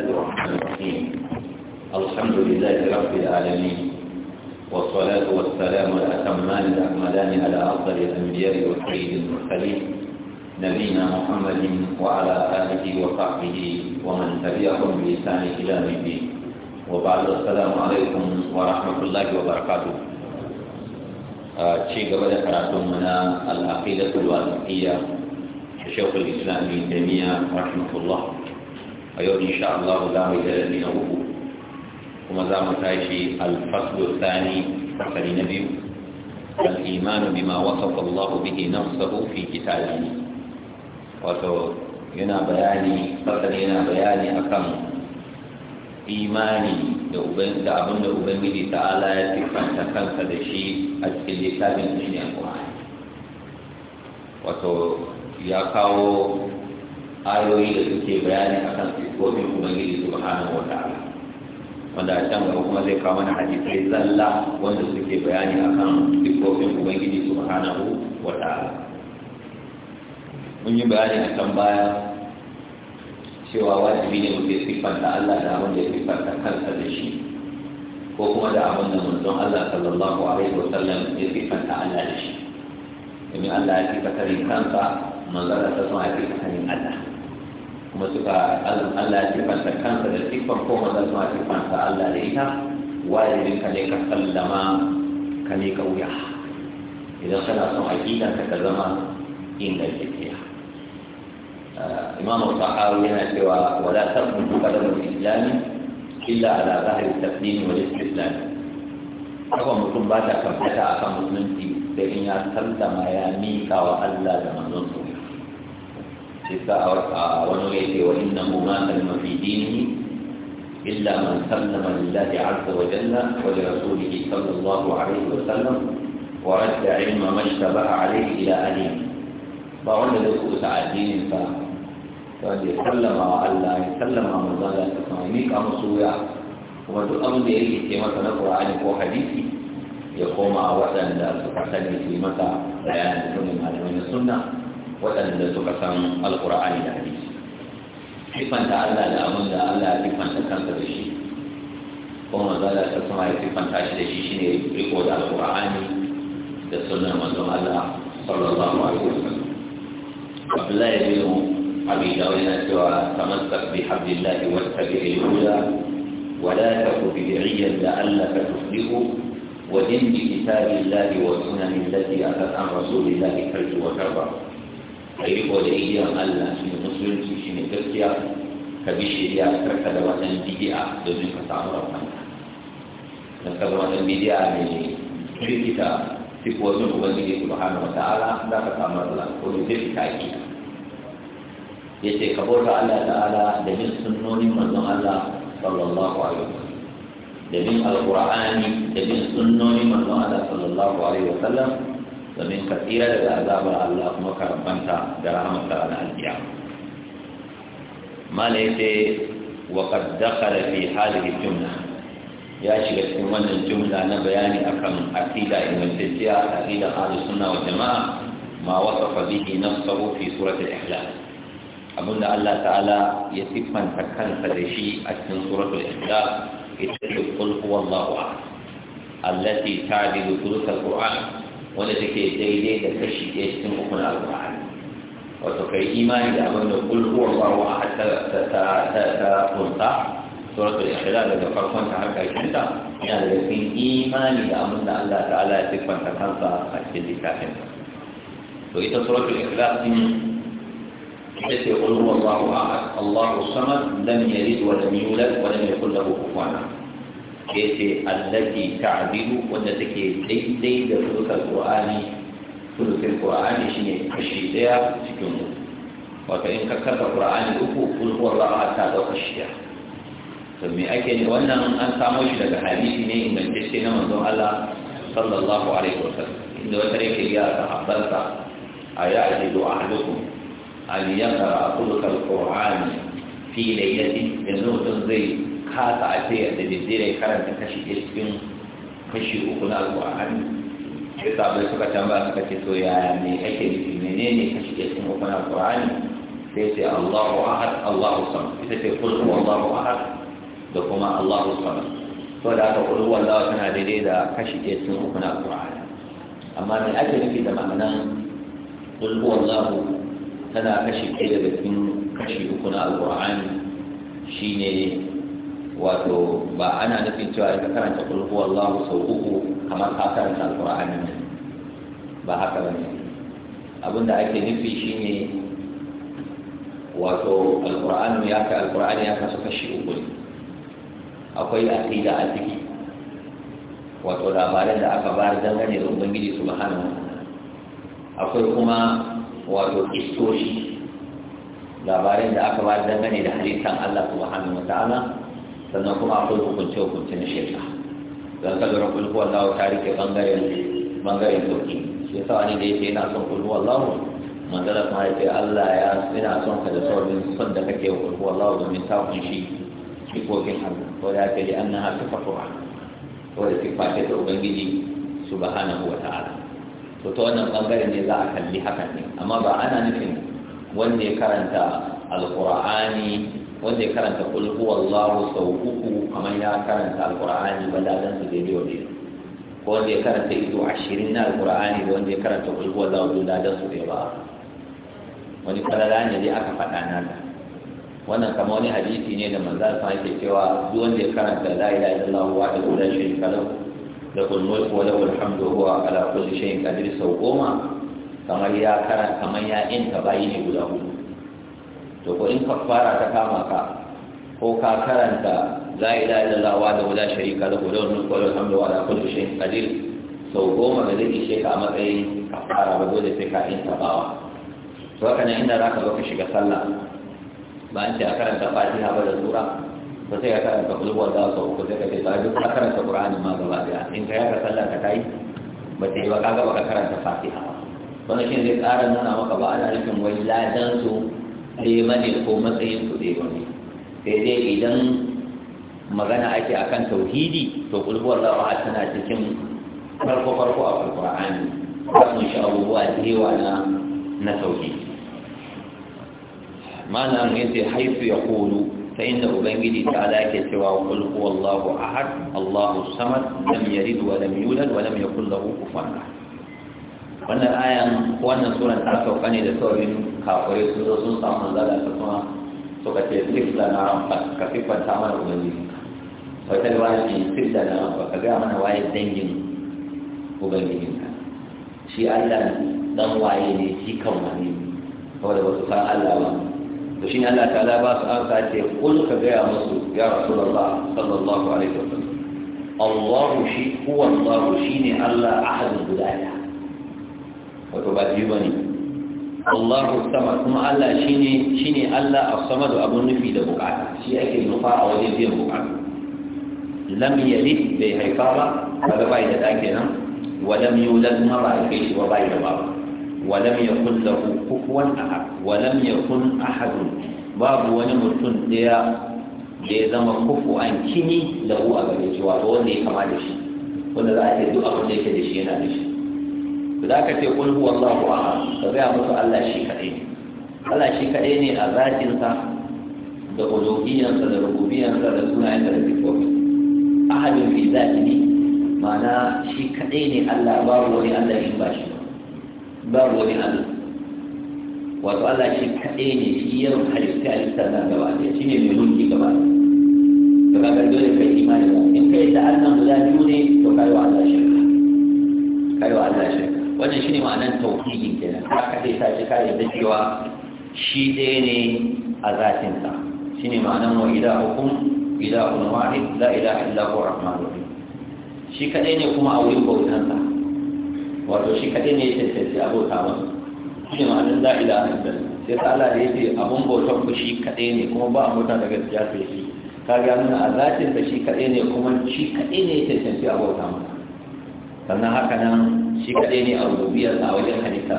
الله الرحمن الرحيم الحمد لله رب العالمين والصلاة والسلام الأتمان الأكملان على أفضل الأنبياء والسيد المرسلين نبينا محمد وعلى آله وصحبه ومن تبعهم بإحسان إلى الدين وبعد السلام عليكم ورحمة الله وبركاته آه، شيء قبل من العقيدة الوالدية شيخ الإسلام ابن تيمية رحمه الله a yau insha Allah za mu darasi na uku kuma za mu tashi alfaslu thani fasali na biyu al-iman bima wasafa Allah bihi nafsuhu fi kitabihi wato yana bayani fasali yana bayani akan imani da abin da abinda ubangiji ta'ala ya siffanta kansa da shi a cikin littafin shi ne wato ya kawo ayoyi da suke bayani akan sifofin ubangiji subhanahu wataala wanda a can gaba kuma zai kawo mana hadisai zalla wanda suke bayani akan sifofin ubangiji wata ala mun yi bayani a can baya cewa wajibi ne mutum siffanta Allah da abin da ya siffanta kansa da shi ko kuma da abin da mutum Allah sallallahu alaihi wa sallam ya siffanta Allah da shi domin Allah ya siffanta kansa manzara ta sallallahu alaihi wa Allah kuma suka Allah ya sifanta kansa da siffar ko maza su ma siffanta Allah da ita wajibin ka ne ka sallama ka ne ka wuya idan kana son aƙida ka ka zama inda ingantacciya ah, imamu sahawi yana cewa wala tabbutu qadamul islami illa ala zahri taqdim wal istislam kawai mutum ba ta a kan musulunci da in ya sallama ya miƙa wa Allah da manzon الشفاء وإنه ما سلم في دينه إلا من سلم لله عز وجل ولرسوله صلى الله عليه وسلم ورد علم ما اشتبه عليه إلى أهله فعند ذكر سعدين فقد سلم على سلم من ظل التصاميك أم سويا وما تؤمن به كما تنقل عن حديثي يقوم وسند سبحانه في متى بيان السنة waɗanda suka san alƙur'ani da hadisi sifanta Allah da abin da Allah ya sifanta kansa da shi ko manzo Allah ta kuma ya sifanta shi da shi shine riko da alƙur'ani da sunnar manzo Allah sallallahu alaihi wasallam Abdullahi bin Abi Dawud yana cewa tamassak bi hablillahi wattabi'i al-huda wa la taku bid'iyan la'allaka tuflihu wa din bi kitabillahi wa sunnati allati atat an rasulillahi tarju wa tarba ka yi riko da igiyan Allah shi ne musulunci shi ne gaskiya ka bi shirya karka da wannan bidi'a domin ka samu rafan don ka zama ɗan bidi'a mai rikita sifofin ubangiji subhanahu wa ta'ala za ka samu rafan ko da rikita ki ya ce ka bauta Allah ta ala da bin sunnonin manzon Allah sallallahu alaihi wa sallam. da bin alqur'ani da bin sunnonin manzon Allah sallallahu alaihi wa sallam domin ka tsira daga azabar Allah kuma ka rabanta da rahamata na alkiya mala yace wa qad dakhala fi hadhihi jumla ya shiga cikin wannan jumla na bayani akan aqida ingantacciya aqida ahlus sunna wal jamaa ma na bihi nafsuhu fi surati al-ihlas abinda Allah ta'ala ya siffanta kansa da shi a cikin suratul ikhlas ita ce qul huwallahu ahad allati ta thuluth al-qur'an wanda take daidai da kashi ɗaya cikin uku na alƙur'ani wato kai imani da abin da kul huwa Allahu ahad ta ta ta ta kunta suratul ikhlas daga farkon ta har ƙarshen ta yana da cikin imani da abin da Allah ta'ala ya siffanta kansa a cikin littafin to ita suratul ikhlas din ita ce kul huwa Allahu ahad Allahu samad lam yalid wa lam yulad wa lam yakul lahu kufuwan ahad yace allati ta'dilu wanda take daidai da sulukar qur'ani sulukar qur'ani shine kashi daya cikin mu wato in ka karba qur'ani uku kul huwa allah ta dauka shi ya to me ake ne wannan an samo shi daga hadisi ne inda ingantacce na manzon Allah sallallahu alaihi wasallam inda wata yake ya aya a do ahlukum an yaqra sulukar qur'ani fi laylatin yanzu zai kasa a sai da daddare ya karanta kashi ɗaya cikin kashi uku na alƙur'ani sai sabai suka tambaya suka ce to yaya ne ake nufi menene kashi ɗaya cikin uku na alƙur'ani sai ce Allahu ahad Allahu samad ita ce kul huwa Allahu ahad da kuma Allahu samad to da aka kul huwa Allahu tana daidai da kashi ɗaya cikin uku na alƙur'ani amma me ake nufi da ma'anan kul huwa Allahu tana kashi ɗaya daga cikin kashi uku na alƙur'ani shine wato ba ana nufin cewa ka karanta kul huwallahu sau uku kamar ka karanta alqur'ani ne ba haka ba ne abinda ake nufi shine wato alqur'ani ya ka alqur'ani ya kasu kashi uku ne akwai aqida a ciki wato labaran da aka bayar dangane da ubangiji subhanahu akwai kuma wato istoshi labarin da aka bayar dangane da halittar Allah subhanahu wataala sannan kuma akwai hukunce hukunce na shari'a don kalurar kulhuwa lawo ta rike bangaren bangaren sauki shi yasa wani da yake yana son kulhuwa lawo manzara kuma yake allah ya yana son ka da saurin son da kake wa kulhuwa lawo domin ta kunshi jikokin hannu ko ya ce da annaha sifatuwa ko da sifa ce ta ubangiji subhanahu wa ta'ala to ta wannan bangaren ne za a kalli hakan ne amma ba ana nufin wanne ya karanta alqur'ani wanda ya karanta kul wallahu sau uku kamar ya karanta alqur'ani ba da dan su daidai wa daidai ko wanda ya karanta ido ashirin na alqur'ani wanda ya karanta kul huwallahu da dan su daidai ba wani falala ne dai aka faɗa nata wannan kamar wani hadisi ne da manzo sa yake cewa duk wanda ya karanta la ilaha illallah wa la sharika lahu lahul mulku ko lahul hamdu huwa ala kulli shay'in qadir sau goma kamar ya karanta kamar ya inta bayi ne guda hudu to ko in kafara ta kama ka ko ka karanta la ilaha illallah wa da wala sharika lahu lahu mulku wa lahu hamdu wa la kulli shay'in qadir sau goma da zai shi ka a matsayin kafara ba dole sai ka in tabawa to haka nan inda zaka zo ka shiga sallah ba an ce a karanta fatiha ba da sura ba sai ka karanta kulhuwar da sau Ko sai ka ce ta duk ka karanta qur'ani ma gaba daya in ka yaka sallah ka kai ba ta yi ba ga ba ka karanta fatiha ba wannan shi zai ƙara nuna maka ba ana rikin wai ladan su ɗaya ne ko matsayin su ba ne sai dai idan magana ake akan tauhidi to kulhuwar lawa tana cikin farko farko a alkur'ani za mu sha abubuwa da yawa na na tauhidi mana an yace haifu ya kulu ta inda ubangiji ta ala yake cewa qul huwallahu ahad allahu samad lam yalid wa lam yulad wa lam yakul lahu kufuwan ahad wannan ayan wannan suran ta sauka ne da saurin kafirai sun zo sun samu zala ta kuma ka ce sif da na ramfa ka fi kwanta mana ubangiji wata riwaya shi sif da na ramfa ka gaya mana waye dangin ubangijinka shi allah dan waye ne shi kan wani da wasu san allah ba to shi allah ta ba su an ce kun ka gaya musu ya rasulullah sallallahu alaihi wasallam الله شيء هو الله Allah a أحد gudaya. wato ba biyu ba ne Allahu sama kuma Allah shine shine Allah as-samad abun nufi da bukata shi ake nufa a wajen biyan bukata lam yalid bai haifa ba kaga bai da dake nan wa lam yulad mara kai shi ba bai da ba wa lam yakul lahu kufuwan ahad wa lam yakun ahad babu wani mutum daya da ya zama kufu an kini da uwa gare shi wato wanda ya kama da shi wanda za a ce duk abin da yake da shi yana da shi za ka ce kun huwa Allahu ahad ka gaya musu Allah shi kaɗai ne Allah shi kaɗai ne a zatinsa da uluhiyansa da rububiyansa da sunayen da sifofi ahadin fi zatihi ma'ana shi kaɗai ne Allah babu wani Allah in ba shi babu wani Allah wato Allah shi kaɗai ne shi yawan halitta halitta na gaba ɗaya shi ne mai mulki gaba ɗaya to kaga dole kai imani ba in kai da Allah guda biyu ne to kai wa Allah shirka kai wa Allah shirka wannan shine ma'anar tauhidi kenan haka sai ta ce kai da cewa shi ɗaya ne a zatin sa shine ma'anar wa ilahukum ilahun wahid la ilaha illa huwa rahmanur rahim shi kadai ne kuma a wurin bautan sa wato shi kadai ne ya tantance abota masa shine ma'anar la ilaha illa sai ta Allah da yake abun bautar ku shi kadai ne kuma ba a mota daga gaskiya sai shi ga nuna a zatin sa shi kadai ne kuma shi kadai ne ya tantance abota masa sannan haka nan shi kadai ne a rububiyar a wajen halitta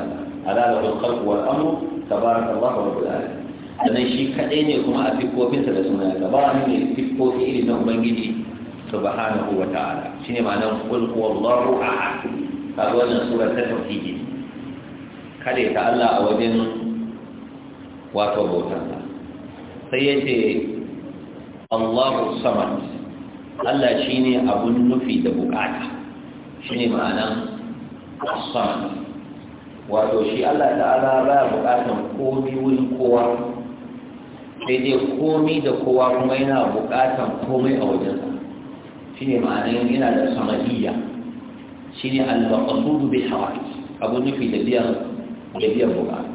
alala wal khalq wal amru tabarakallahu rabbul alamin sannan shi kadai ne kuma a fikofinsa da suna gaba ne fikofi irin na ubangiji subhanahu wa ta'ala shine ma'anar qul huwallahu ahad kaga wannan sura ta tauhidi kare ta Allah a wajen wato bautar sai ya ce Allahu samad Allah shine abun nufi da bukata shine ma'anar as wato shi Allah ta'ala ba buƙatar komi wurin kowa sai dai komi da kowa kuma yana buƙatar komai a wajen shi shine ma'anin yana da samadiyya shine al-maqsud bil hawajis abu nufi da biyan da biyan buƙata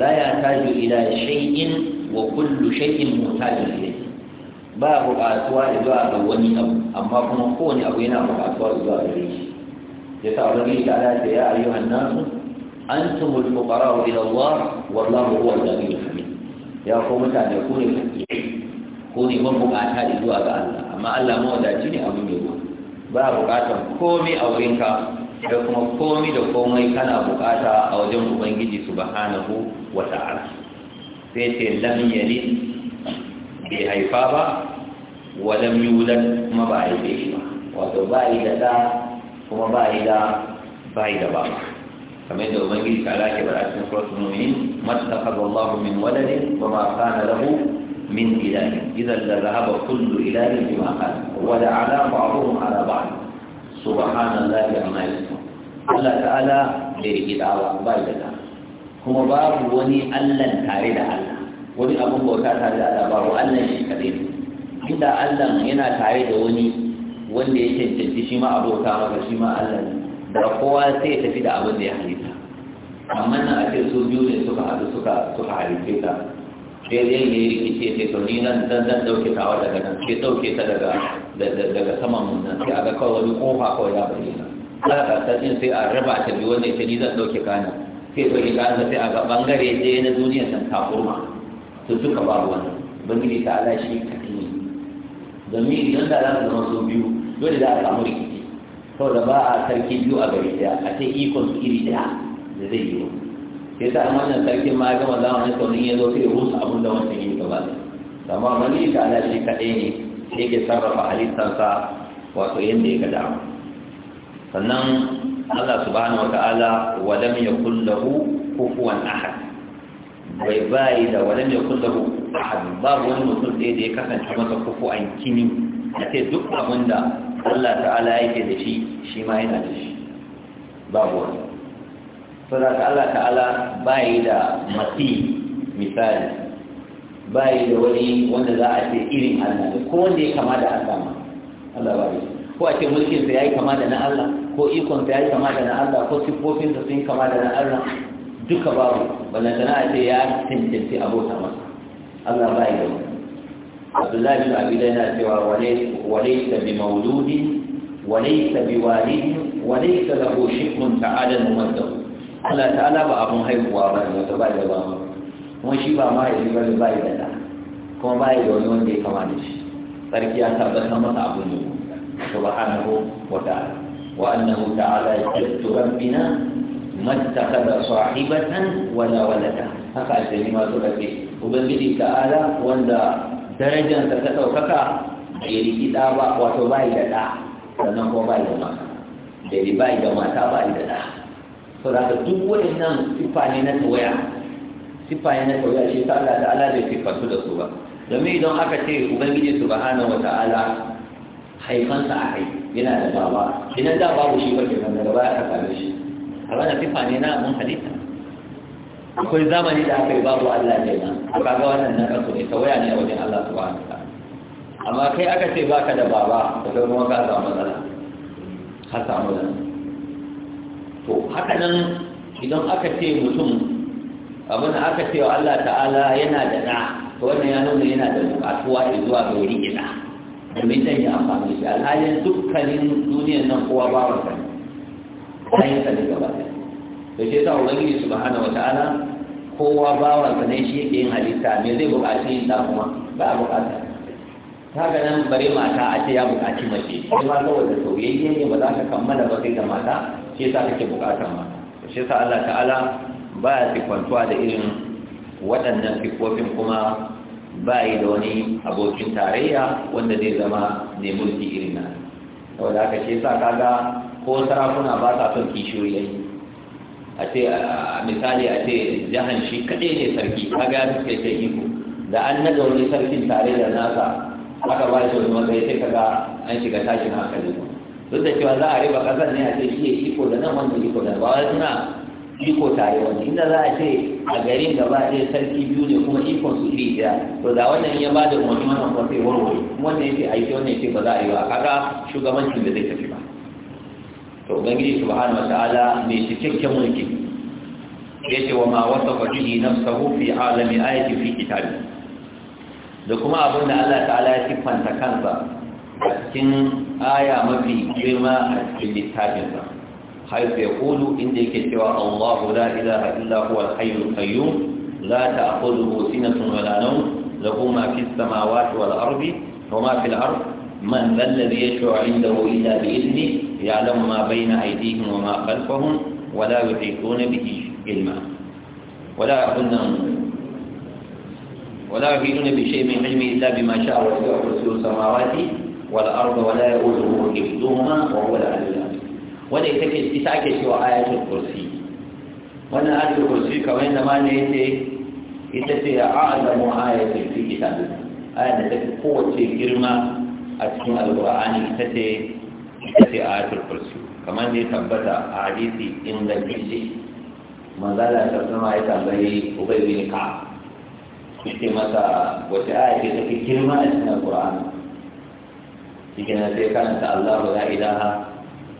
la ya taju ila shay'in wa kullu shay'in mutajin ilayhi ba buƙatuwa zuwa ga wani abu amma kuma kowane abu yana buƙatuwa zuwa gare shi Yasa sa wani da ala da ya ayyuhan nasu antumul fuqara ila Allah wallahu huwal ghaniyul hamid ya ko mutane ku ne ku ne mabukata zuwa ga Allah amma Allah mawadaci ne abu ne ba bukatar komai a wurin ka. da kuma komai da komai kana bukata a wajen ubangiji subhanahu wa ta'ala sai ce lam yalid bi haifa ba wa lam yulad kuma ba haife shi ba wato ba yi da kuma ba yi da ba yi da ba kamar yadda ubangiji ta alaƙe ba a cikin suratul mu'minin mattaqaba Allahu min waladin wa ma kana lahu min ilahi idan da zahaba kullu ilahin bima kana wa la ala ba'dhum ala ba'd subhanallahi amma yasifun Allah ta'ala bai gida ba ba da ta kuma babu wani allan tare da Allah wani abun bauta tare da Allah babu allan shi kadai inda Allah yana tare da wani wanda ya cancanci shi ma abota maka shi ma Allah ne da kowa sai ya tafi da abin da ya halitta amma na a ce su biyu ne suka haɗu suka suka halitta ta sai dai ne rikice sai to ni nan zan zan dauke ta wa daga nan sai dauke ta daga daga saman mun nan sai aga kawai wani kofa kawai ya bayyana za ka tsakin sai a raba ta biyu wanda ya ni zan dauke kana sai dauke kana sai aga bangare ɗaya na duniya san ta kurma to duka ba ruwan ubangiji ta ala shi kaɗai domin idan da za su zama su biyu dole za a samu rikici saboda ba a sarki biyu a gari daya a ce ikon su iri daya da zai yi sai sa amma sarkin ma ya gama zamanin sauran ya zo sai rusa abin da wancan yi gaba da amma mani ta ala shi kaɗai ne sai ke sarrafa halittarsa wato yadda ya gada sannan Allah subhanahu wa ta'ala wa lam yakul lahu kufuwan ahad bai bayi da walam yakul lahu ahad babu wani mutum da ya kasance masa kufuwan kini a ce duk abinda Allah ta'ala yake da shi shi ma yana da shi babu wani saboda Allah ta'ala bai da masi misali bai da wani wanda za a ce irin Allah ne ko wanda ya kama da Allah ma Allah ba ko a ce mulkin sa yayi kama da na Allah ko ikon sa yayi kama da na Allah ko sifofin sa sun kama da na Allah duka babu balantana a ce ya tantance abota masa Allah bai da wani abdullahi bin abi yana cewa walaysa bi mauludi walaysa bi walid walaysa lahu shiqqun ta'ala mumaddu Allah ta'ala ba abun haihuwa ba ne wata bai da ba kuma shi ba ma yayi bane bai da ta, kuma bai da wani wanda ya kama da shi sarki ya tabbatar masa abun ne subhanahu wa ta'ala wa annahu ta'ala yajtu rabbina mattakhadha sahibatan wala walada haka aljanni ma suka ce ubangiji ta'ala wanda da ta ɗaukaka bai riki ɗa ba wato bai da ɗa sannan kuma bai da mata yi bai da mata bai da ɗa so da ka duk waɗannan siffa ne na tawaya siffa ne na tawaya shi ta Allah da Allah bai siffantu da su ba domin idan aka ce ubangiji subhanahu Ta'ala, haifansa a kai yana da baba idan da babu shi ba ke nan daga baya ka same shi a wannan siffa ne na mun halitta akwai zamani da aka yi babu Allah ne na kaga wannan na kasu ne tawaya ne a wajen Allah su wa ta'ala amma kai aka ce ba ka da baba da kai kuma ka samu matsala ka samu da to haka nan idan aka ce mutum abin aka ce wa Allah ta'ala yana da na to wannan ya nuna yana da bukatuwa zuwa ga wuri ina domin zan yi amfani da shi alhalin dukkanin duniyar nan kowa babu sani yi sani gaba ɗaya da ke sa ubangiji subhanahu wataala kowa ba ne shi yake yin halitta me zai buƙaci yin da kuma ba a buƙata ta nan bare mata a ce ya bukaci mace sai ma kawai da soyayye ne ba za ka kammala ba kai da mata shi yasa kake buƙatar mata shi yasa Allah ta'ala ba ya fi kwantuwa da irin waɗannan fikofin kuma ba yi da wani abokin tarayya wanda zai zama ne mulki irin nan saboda haka ce sa kaga ko sarakuna ba sa son kishiyoyi a ce misali a ce jahan shi kaɗe ne sarki kaga ya suke ce iko da an naga wani sarkin tare da nasa aka ba shi wani wanda ya ce kaga an shiga tashin hankali duk da cewa za a riba ƙasar ne a ce shi iko da nan wanda iko da ba wai suna iko tare wani inda za a ce a garin gaba ɗaya sarki biyu ne kuma ikon su iri ɗaya to da wannan ya ba da umarni wannan kuma warware kuma wannan ya ce a yi wannan ya ce ba za a yi ba kaga shugabancin da zai tafi ba to ubangiji subhanahu wataala mai cikakken mulki ce wa ma wasafa bihi nafsuhu fi alami ayati fi kitabi da kuma abin da Allah ta'ala ya siffanta kansa a cikin aya mafi girma a cikin littafinsa haifu ya kulu inda yake cewa Allahu guda ilaha illa huwa al-hayyul za ta ta'khudhuhu sinatun wa la nawm lahu ma fi samawati wal ardi wa ma fil ardi من ذا الذي يشفع عنده إلا بإذنه يعلم ما بين أيديهم وما خلفهم ولا يحيطون به علما ولا يكون ولا يحيطون بشيء من علمه إلا بما شاء وسع كرسي السماوات والأرض ولا يؤوده حفظهما وهو العلي العظيم وليس كتاك سوى آية الكرسي وانا آية الكرسي كمان ما نيتي إذا أعظم آية في كتابنا آية تكون في a cikin alkur'ani ita ce ita ce ayatul kursi kamar da ya tabbata a hadisi in ingantacce manzala ta sama ya tambayi ubai bin ka ce masa wace aya yake take girma a cikin alkur'ani cikin na sai karanta Allahu la ilaha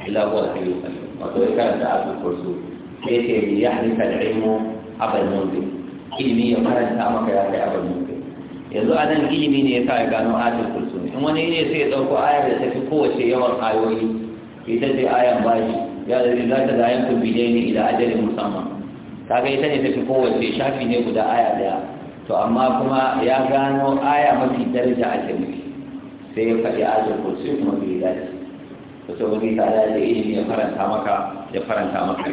illa huwa al yi qayyum wato ya karanta ayatul kursi sai ce ya yahlika da ilmu abal munzir ilimi ya karanta maka ya kai abal munzir yanzu a nan ilimi ne ya sa ya gano ayatul in wani ne sai ya dauko ayar da tafi kowace yawan ayoyi ita ce ayan bashi ya zai za ta zayen kun bidai ne ila ajalin musamman kaga ita ne tafi kowace shafi ne guda aya ɗaya to amma kuma ya gano aya mafi daraja a cikin sai ya faɗi ajin sai kuma bai dace to sai wani ta da ilimi ya faranta maka ya faranta maka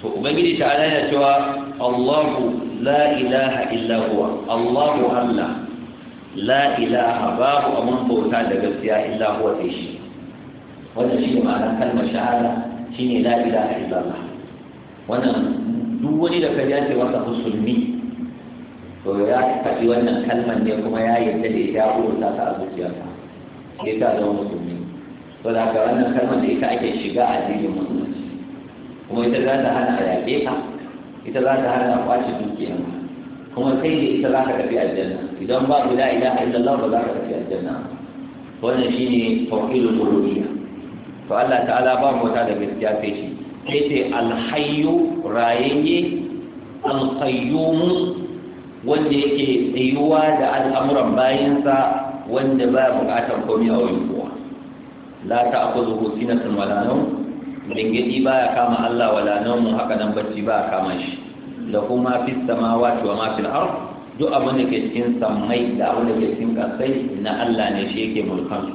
to ubangiji ta ala yana cewa Allahu la ilaha illa huwa Allahu Allah la ilaha babu amman bauta da gaskiya illa huwa sai shi wannan shi ne ma'anar kalmar shahada shi ne la ilaha illallah wannan duk wani da kaji ce wasa musulmi to ya faɗi wannan kalmar ne kuma ya yarda da ita ko ta ta zuciyarsa sai ta zama musulmi to da ga wannan kalmar da ita ake shiga a addinin musulunci kuma ita za ta hana a yaƙe ka ita za ta hana a kwace dukiyarka kuma sai da ita za ka tafi aljanna idan babu la ilaha allah ba za ka tafi aljanna wannan shine tauhidul uluhiyya to Allah ta'ala ba mu wata da gaskiya sai shi sai ce alhayyu rayayye alqayyum wanda yake tsayuwa da al'amuran bayansa wanda ba ya bukatar komai a wurin kowa la ta aku zuhu sinatun wala nau dangadi ba ya kama Allah wala nau mu haka nan bacci ba ya kama shi lahu ma fi wato wa ma fil ard duk abin da ke cikin samai da abin da ke cikin kasai na Allah ne shi yake mulkan su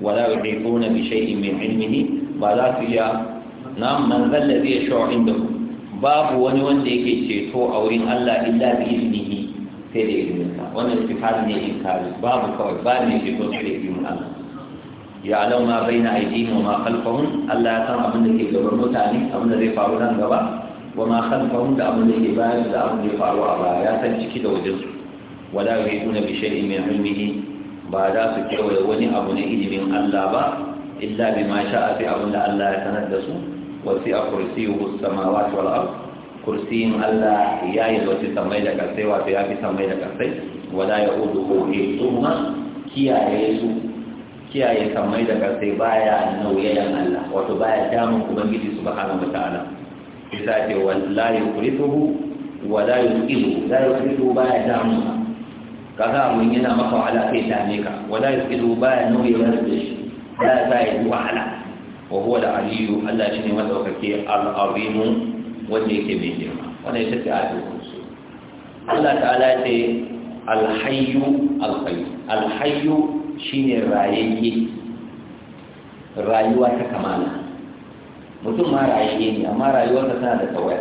wala yuhituna bi shay'in min ilmihi ba za su iya nam man zalla zai shawo inda babu wani wanda yake ceto a wurin Allah illa bi ilmihi sai da ilminsa wannan shi istifham ne in inkari babu kawai ba ne shi ceto sai da ilmin Allah ya alau ma baina aydihim wa ma khalfahum Allah ya san abin da ke gaban mutane abin da zai faru nan gaba wa ma khalfahum da abin da ke bayan da abin da faruwa faru a baya ya san ciki da wajen su wala yuhituna bi shay'in min ilmihi ba za su kewaye wani abu na ilimin Allah ba illa bima sha'a fi abin da Allah ya sanar da su wa fi kursiyuhu samawati wal ard kursiyin Allah ya yi wasu samai da kasai wato ya fi samai da kasai wala ya udu ko tuhuma kiyaye su kiyaye samai da kasai baya nauyayen Allah wato baya damun ubangiji subhanahu wataala Isa ce wala wallahi kurituhu wa la yuqidu la yuqidu ba ya damu kaga mun yana maka wahala kai dame ka Wala la yuqidu ba ya nuri wa shi la za ya yi wahala. wa huwa da aliyu Allah shi shine madaukake al-azim wanda yake mai girma wannan ita ce ayatu Allah ta'ala ce Alhayu hayyu al-qayyum al shine rayayye rayuwa ta kamala mutum ma rayayye ne amma rayuwarsa tana da tawaya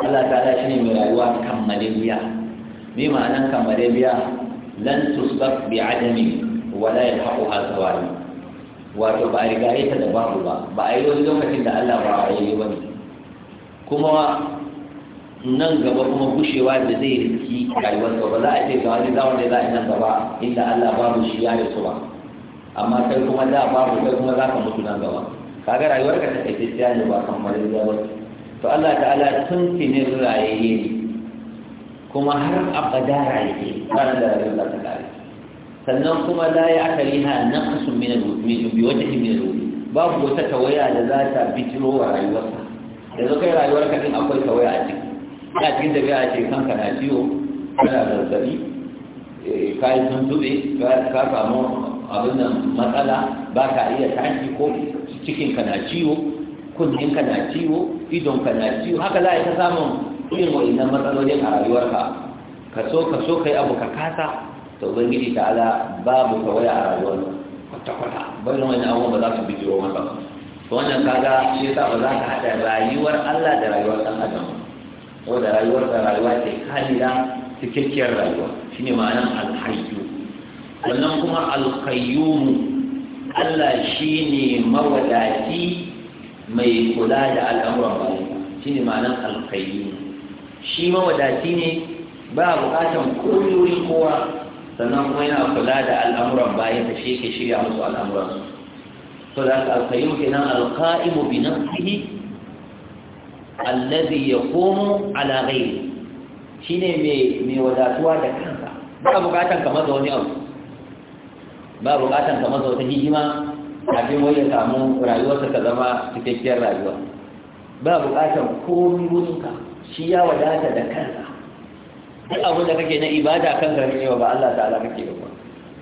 Allah ta shi ne mai rayuwa biya. me ma'anan kammaliya lan tusbaq bi adami wa la yalhaquha tawali wato ba a rigaye ta da babu ba ba a yi wani lokacin da Allah ba a yi ba ne kuma nan gaba kuma gushewa da zai riski rayuwarsa ba za a ce ga wani zawon da za a nan gaba inda Allah babu shi ya su ba amma kai kuma da babu kai kuma za ka mutu nan gaba kaga rayuwar ka take tafiya ne ba kan wani ba to Allah ta'ala tun tinin rayaye ne kuma har abada rayaye nan da rayuwar ta kare sannan kuma la ya na naqsu min al-mu'min bi wajhi min al-mu'min babu wata tawaya da za ta bijiro wa da yanzu kai ka din akwai tawaya a ciki ina cikin da a ce kanka na ciwo kana zabi eh, kai sun tube ka samu abin nan matsala ba ka iya tashi ko cikinka na ciwo kunninka na ciwo idonka na ciwo haka za a yi ta samun irin wa'innan matsalolin a rayuwarka ka so ka so ka yi abu ka kasa ta ubangiji ta ala babu ka waya a rayuwar kwata-kwata bayan wani abubuwan ba za su bi bijiro masa wannan kaga shi yasa ba za ka haɗa rayuwar allah da rayuwar ɗan adam saboda rayuwar da rayuwa ce kalila cikakkiyar rayuwa Shi ne ma'anar alhayyu Wannan kuma alqayyum Allah shi ne mawadati mai kula da al'amuran Shi ne ma'anar alqayyim shi mawadati ne ba a bukatan koyoyin kowa sannan kuma yana kula da al'amuran bayan da shi ke shirya musu al'amuran su to da aka alkayu kenan alqaimu bi nafsihi alladhi yaqumu ala ghayri Shi ne mai wadatuwa da kansa ba a bukatan kamar da wani abu ba buƙatar ka masa wata hijima kafin wani ya samu rayuwarsa ka zama cikakkiyar rayuwa ba buƙatar komi ka shi ya wadata da kansa duk abin da kake na ibada kanka ne ba Allah ala kake ba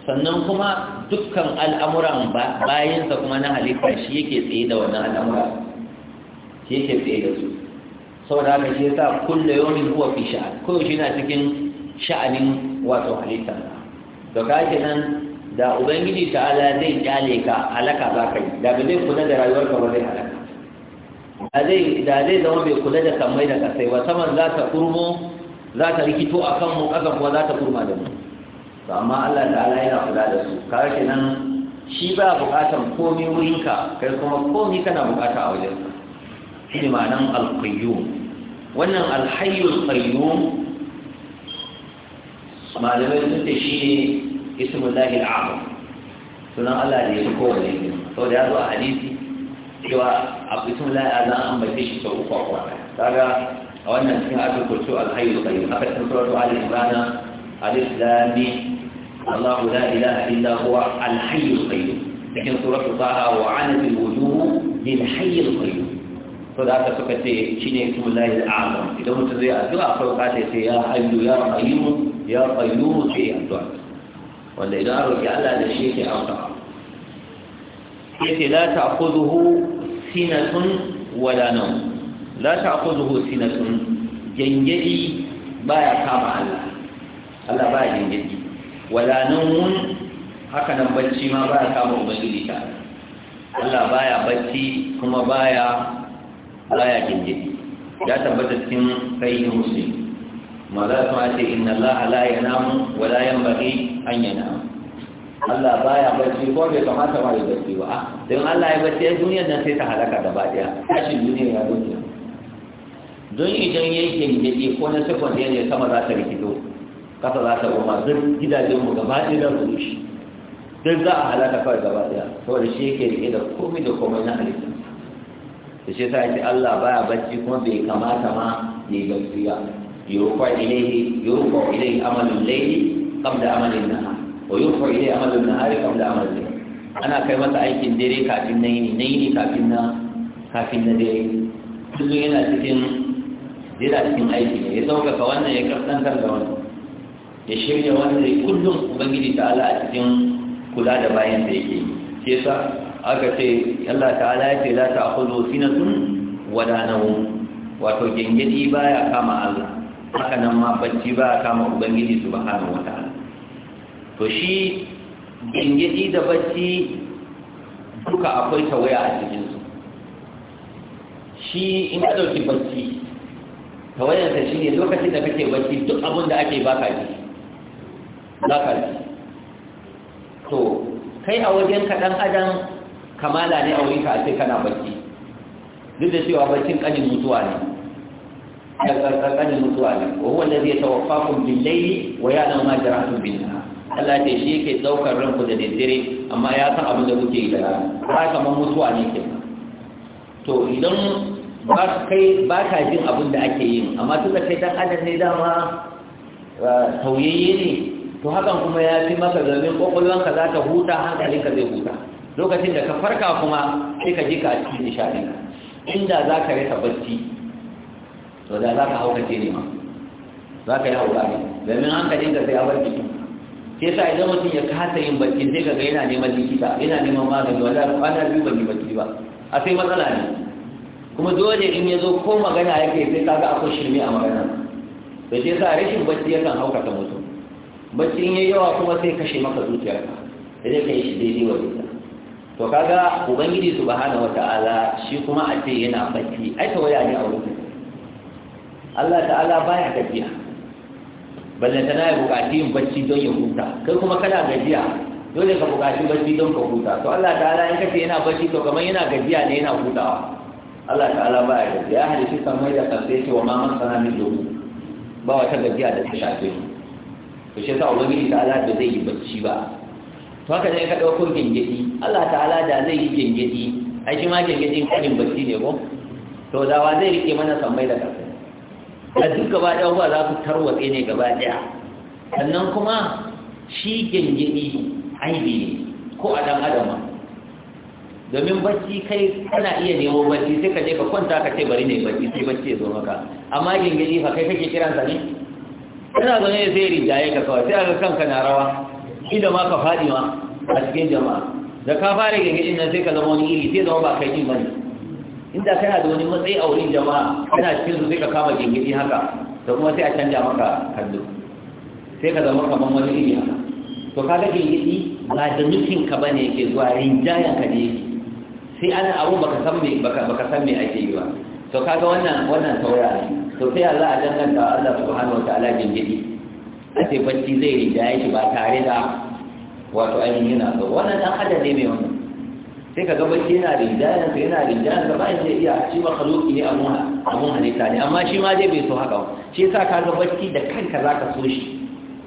sannan kuma dukkan al'amuran bayansa kuma na halitta shi yake tsaye da wannan al'amura shi yake tsaye da su da haka shi kulle kullu yawmin huwa fi sha'an ko shi na cikin sha'anin wato halitta Da ka nan. da ubangiji ta'ala zai kyale ka halaka za ka yi da ba zai kula da rayuwarka ba zai halaka da zai zama bai kula da kamai da kasai ba saman za ta kurmo za ta rikito a kan mu ƙasa kuma za ta kurma da mu to amma Allah ta'ala yana kula da su kawai kenan shi ba buƙatar komai wurinka kai kuma komai kana buƙata a wajen shi ma'anan alƙayyum wannan alhayyul qayyum malamai sun ce shi ne ismu lahi al'azam sunan Allah ne ya kowane ne sau da ya zo a hadisi cewa a ismu lahi al'azam an bai shi sau uku a kwana kaga a wannan cikin abin kurtu alhayu kai a kan suratu ali imran alif lam الله لا إله إلا هو الحي القيوم لكن سورة طه وعنت الوجوه للحي القيوم فذاك سكتي شنو اسم الله الأعظم إذا متزيع الدعاء فوقاته يا حي يا قيوم يا قيوم في الدعاء wanda idan an roƙi Allah da shi yake amsa yace la ta'khudhuhu sinatun wala nawm la ta'khudhuhu sinatun ba ya kama Allah Allah baya jangadi wala nawmun haka nan bacci ma ba ya kama ubangiji ta Allah baya bacci kuma baya baya jangadi ya tabbata cikin sahihin muslim ma za su ce inna Allah la yanamu wa la yanbaghi an yanamu Allah baya barci ko bai kamata ma ya barci ba don Allah ya barci, bacci duniyar nan sai ta halaka gaba daya tashin duniya ya duniya don idan yake yake ko na sakon da ne sama za ta rikido kasa za ta goma duk gidajen mu gaba ɗaya da su shi duk za a halaka fara gaba ɗaya saboda shi yake rike da komai da komai na halittar da shi ta yake Allah baya barci kuma bai kamata ma ya yi gaskiya يرفع إليه يرفع إليه أمل الليل قبل أمل النهار ويرفع إليه أمل النهار قبل أمل الليل أنا كلمة أيك ديري كافين نيني نيني كافين كافين ديري كل هنا تكين ديرا تكين أيك يزوج كوانا يكفتن كوانا يشير يوانا كلهم وبنجي تعالى تكين كل هذا باين تيجي كيف أكتي الله تعالى لا تأخذه سنة ولا نوم wato gengedi baya kama Allah haka nan ma bacci ba a kama ubangiji su subhanahu wata to shi gingidi da bacci duka akwai tawaya a cikinsu shi in ka dauki bacci tawayansa shi ne lokacin da kake bacci duk abin da ake baka ji baka ji to kai a wajen kaɗan adam kamala ne a wurinka a ce kana bacci duk da cewa baccin ƙanin mutuwa ne ƙarƙarƙanin mutuwa ne wa wanda zai tawaffakun bin laili wa ya ma jira'atun bin na Allah ce shi yake ɗaukar ranku da daddare amma ya san abin da kuke yi da rana ba kamar mutuwa ne ke to idan ba kai ba ka jin abin da ake yin amma tun da kai dan adam ne dama tauyayye ne to hakan kuma ya fi maka domin ka za ta huta ka zai huta lokacin da ka farka kuma sai ka ji ka a cikin nishaɗinka inda za ka rasa barci to da za ka hauka ce ne ma za ka yi hauka ne domin hankalin ka sai a bar jiki sai sa idan mutum ya kasa yin bacci sai ka ga yana neman likita yana neman magani wanda kwana biyu ban yi bacci ba a sai matsala ne kuma dole in ya zo ko magana yake sai ka ga akwai shirme a magana to sai sa rashin bacci yakan hauka ta mutum bacci in yayi yawa kuma sai kashe maka zuciyarka sai zai kai shi daidai wa daidai to kaga ubangiji subhanahu ta'ala shi kuma a ce yana bacci ai waya ne a wurin Allah ta'ala baya gajiya ta na ya buƙaci yin bacci don ya huta kai kuma kana gajiya dole ka buƙaci bacci don ka huta to Allah ta'ala in kace yana bacci to kamar yana gajiya ne yana hutawa Allah ta'ala baya gajiya ya halishi kamar da kace shi wa ma sana min dubu ba wata gajiya da ta shafe shi to shi yasa ubangiji ta'ala da zai yi bacci ba to haka ne ka dauko gengedi Allah ta'ala da zai yi gengedi ai shi ma gengedin kanin bacci ne ko to da wa zai rike mana sammai da kansa a duk gaba ɗaya ba za su tarwatse ne gaba ɗaya sannan kuma shi gengidi aibi ne ko a ɗan adama domin bacci kai kana iya nemo bacci sai ka je ka kwanta ka ce bari ne bacci sai bacci ya zo maka amma gengidi fa kai kake kiransa ne Yana zaune ne sai rinjaye ka kawai sai aka kanka na rawa inda ma ka faɗi ma a cikin jama'a da ka fara gengidin nan sai ka zama wani iri sai zama ba kai jin bane inda kana da wani matsayi a wurin jama'a kana cikin su sai ka kama gingiri haka da kuma sai a canja maka kallo sai ka zama kamar wani iri haka to ga gingiri ba da nufin ka bane yake zuwa rinjayen ka ne yake sai ana abu baka san me baka san me ake yi ba to ga wannan wannan taurari to sai Allah a danganta Allah subhanahu wataala gingiri a ce bacci zai rinjaye shi ba tare da wato ainihin yana so wannan dan adam ne mai wannan sai ka gaba yana rijayen sa yana rijayen sa ba ya iya shi ba khaloki ne abun abun halitta ne amma shi ma dai bai so haka shi yasa ka ga bacci da kanka zaka so shi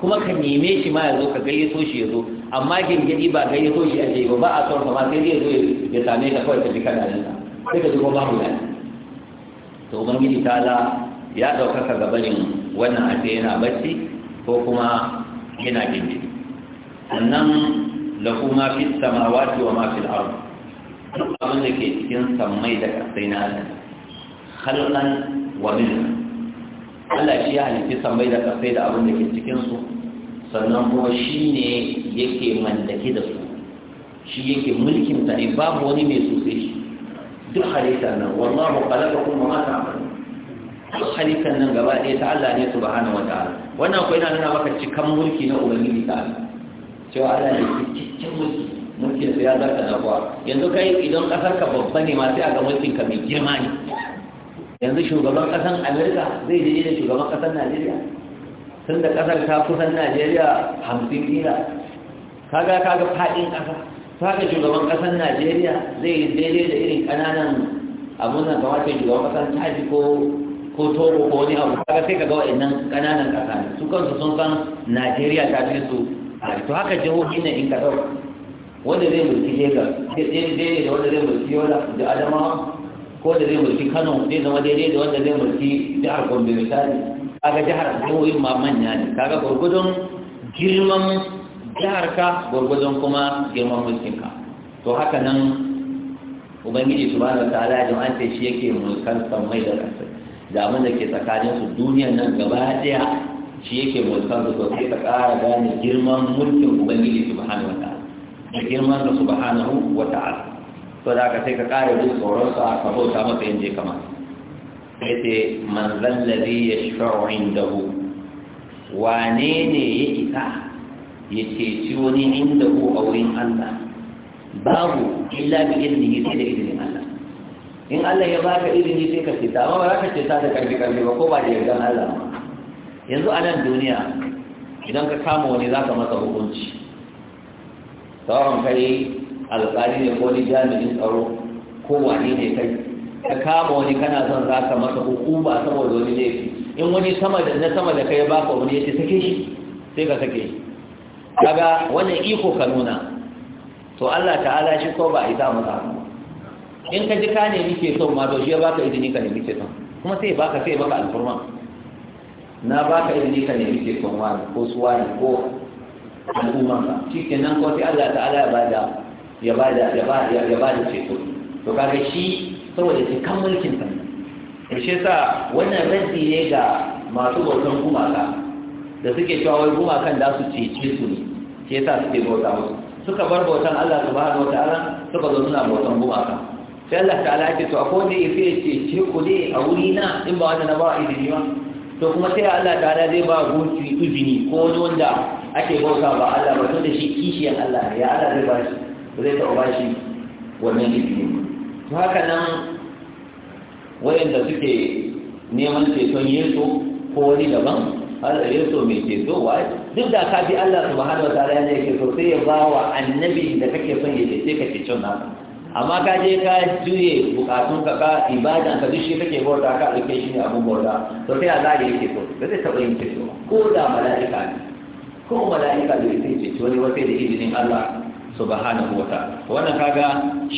kuma ka neme shi ma yazo ka gayyato shi yazo amma gingiri ba gayyato shi ake ba ba a son ba sai zai ya same ka kawai ka ji kana nan sai ka ji babu nan to ubangiji ta la ya ɗaukaka gabanin wannan a yana bacci ko kuma yana gingiri sannan lahu ma fi samawati wa ma fil ardh abin da ke cikin sammai da kasai na Allah khalqan wa min Allah shi ya halitta sammai da kasai da abin da ke cikin su sannan kuma shi ne yake mallake da su shi yake mulkin ta eh, babu wani mai sosai shi duk halitta nan wallahu khalaqakum kuma ma ta'malun duk halittar nan gaba ɗaya ta Allah ne hana wa ta'ala wannan akwai na nuna maka cikan mulki na ubangiji ta ala. cewa Allah ne cikin mulki mulkin su ya zarta na kuwa yanzu kai idan kasar ka babba ne masu sai a ga mulkin ka mai girma ne yanzu shugaban kasar amerika zai je da shugaban kasar najeriya tun da kasar ta kusan najeriya hamsin kila kaga kaga fadin kasa kaga shugaban kasar najeriya zai yi daidai da irin kananan abun nan kamar sai shugaban kasar taji ko ko togo ko wani abu kaga sai kaga wa'annan kananan kasa su kansu sun san najeriya ta fi su to haka jihohi ne in ka dauka wanda zai mulki Lagos daidai da wanda zai mulki Yola da Adama, ko da zai mulki Kano zai zama daidai da wanda zai mulki jihar Gombe misali kaga jihar jihohin ma manya ne kaga gwargwadon girman jihar ka kuma girman mulkin ka to haka nan ubangiji su ba da an shi yake mulkan samai da ƙasa da abin da ke tsakanin su duniyar nan gaba daya shi yake mulkan su sosai ka ƙara gane girman mulkin ubangiji subhanahu wataala da girman da subhanahu wa ta'ala to da ka sai ka kare duk tsoron sa ka bauta masa yanda ya kama sai ce man zallazi yashfa'u indahu wane ne ya isa ya ceci wani indahu a wurin Allah babu illa bi iznihi sai da izinin Allah in Allah ya baka izini sai ka fita amma ba ka fita da karfi karfi ba ko ba da yardan Allah yanzu a nan duniya idan ka kama wani zaka masa hukunci sauran kai alƙali ne ko ni jami'in tsaro ko wani ne kai ka kama wani kana son za ka masa hukuma saboda wani laifi in wani sama da na sama da kai ba ka wani yace sake shi sai ka sake shi kaga wannan iko ka nuna to Allah ta'ala shi ko ba isa masa in ka ji ka ne nike son ma to shi ya baka idini ka ne nike son kuma sai baka sai baka alfurma na baka izini ka ne nike son wani ko suwani ko al'umma shi ke nan kawai Allah ta'ala ya bada ya bada ya bada ya bada ceto to kaga shi saboda kan mulkin sa ne eh, shi yasa wannan raddi ne ga masu bautan gumaka da suke cewa wai gumakan da su cece su ne shi yasa suke bauta musu suka bar bautan Allah su bauta wataala suka zo suna bautan gumaka sai Allah ta'ala ce to akwai wanda ya ce ce ku ne a wuri na in ba wanda na ba izini ba to kuma sai Allah ta'ala zai ba gunki izini ko wani wanda ake bauta ba Allah ba tun da shi kishiyar Allah ya Allah zai bashi ba zai taɓa bashi wannan ilimi to haka nan wayanda suke neman ceton yeso ko wani daban har yeso mai ceto wa duk da ka bi Allah subhanahu wa ta'ala ne yake so sai ya ba wa annabi da kake son ya cece ka cecon naka amma ka je ka juye bukatun ka ka ibada ka dishi kake bauta ka alƙe shi ne abun bauta to sai Allah yake so ba zai taɓa yin ceto ko da mala'ika ne Kuma mala'ika da ita ce wani wata da izinin Allah subhanahu wa ta'ala wannan kaga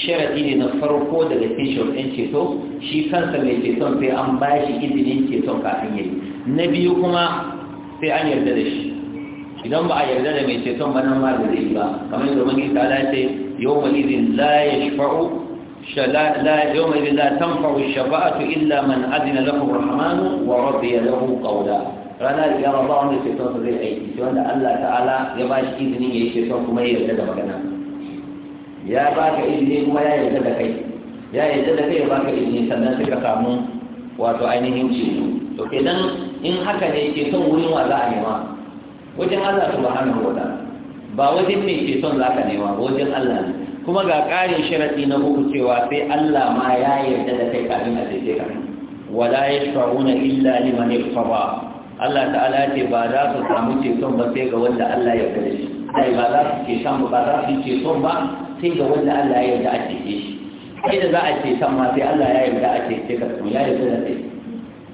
sharadi ne na farko daga cikin sharuɗin ceto shi kansa mai ceton sai an ba shi izinin ceton kafin yayi na biyu kuma sai an yarda da shi idan ba a yarda da mai ceton ba nan ma da zai ba kamar yadda mun ta ala ce yawma idin la yashfa'u la yawma idin la tanfa'u shafa'atu illa man adina lahu rahmanu wa radiya lahu qawla rana da yawa ba wanda ceton su zai aiki shi wanda Allah ta'ala ya ba shi izini ya yi ceton kuma ya yarda da magana ya ba ka izini kuma ya yarda da kai ya yarda da kai ya ba ka izini sannan suka samu wato ainihin ceto to kenan in haka ne ceton wurin wa za a nema wajen Allah subhanahu wa ta'ala ba wajen mai ceton za ka nema ba wajen Allah ne kuma ga ƙarin sharaɗi na uku cewa sai Allah ma ya yarda da kai kafin a cece ka wala yashfa'una illa liman irtaba Allah ta'ala ce ba za su samu ceton ba sai ga wanda Allah ya yarda shi sai ba za su ce san ba za su ceton ba sai ga wanda Allah ya yarda a cece shi sai da za a ce san ma sai Allah ya yarda a cece ka kuma ya yarda da kai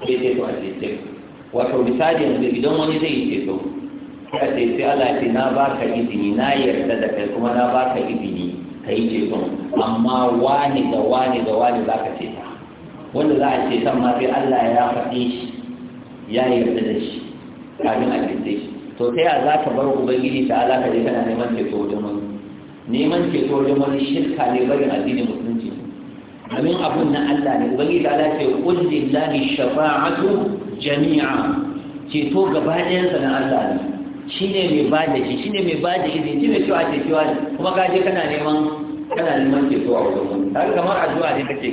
sai sai to a cece ka wato misali yanzu idan wani zai yi ceto ka ce sai Allah ce na ba ka izini na yarda da kai kuma na ba ka izini ka yi ceton amma wani da wani da wani za ka ceta wanda za a ce san ma sai Allah ya faɗi shi ya yarda da shi kafin a binne shi to ta yaya za ka bar ubangiji ta alaka da kana neman ceto wajen wani neman ceto wajen wani shirka ne barin addinin musulunci amin abun na Allah ne ubangiji ta alaka ya kulli lillahi shafa'atu jami'a ceto gaba ɗayansa na Allah ne ne mai ba da shi Shi ne mai ba da izini shi ne cewa ce cewa kuma ka je kana neman kana neman ceto a wajen wani kamar addu'a ne kake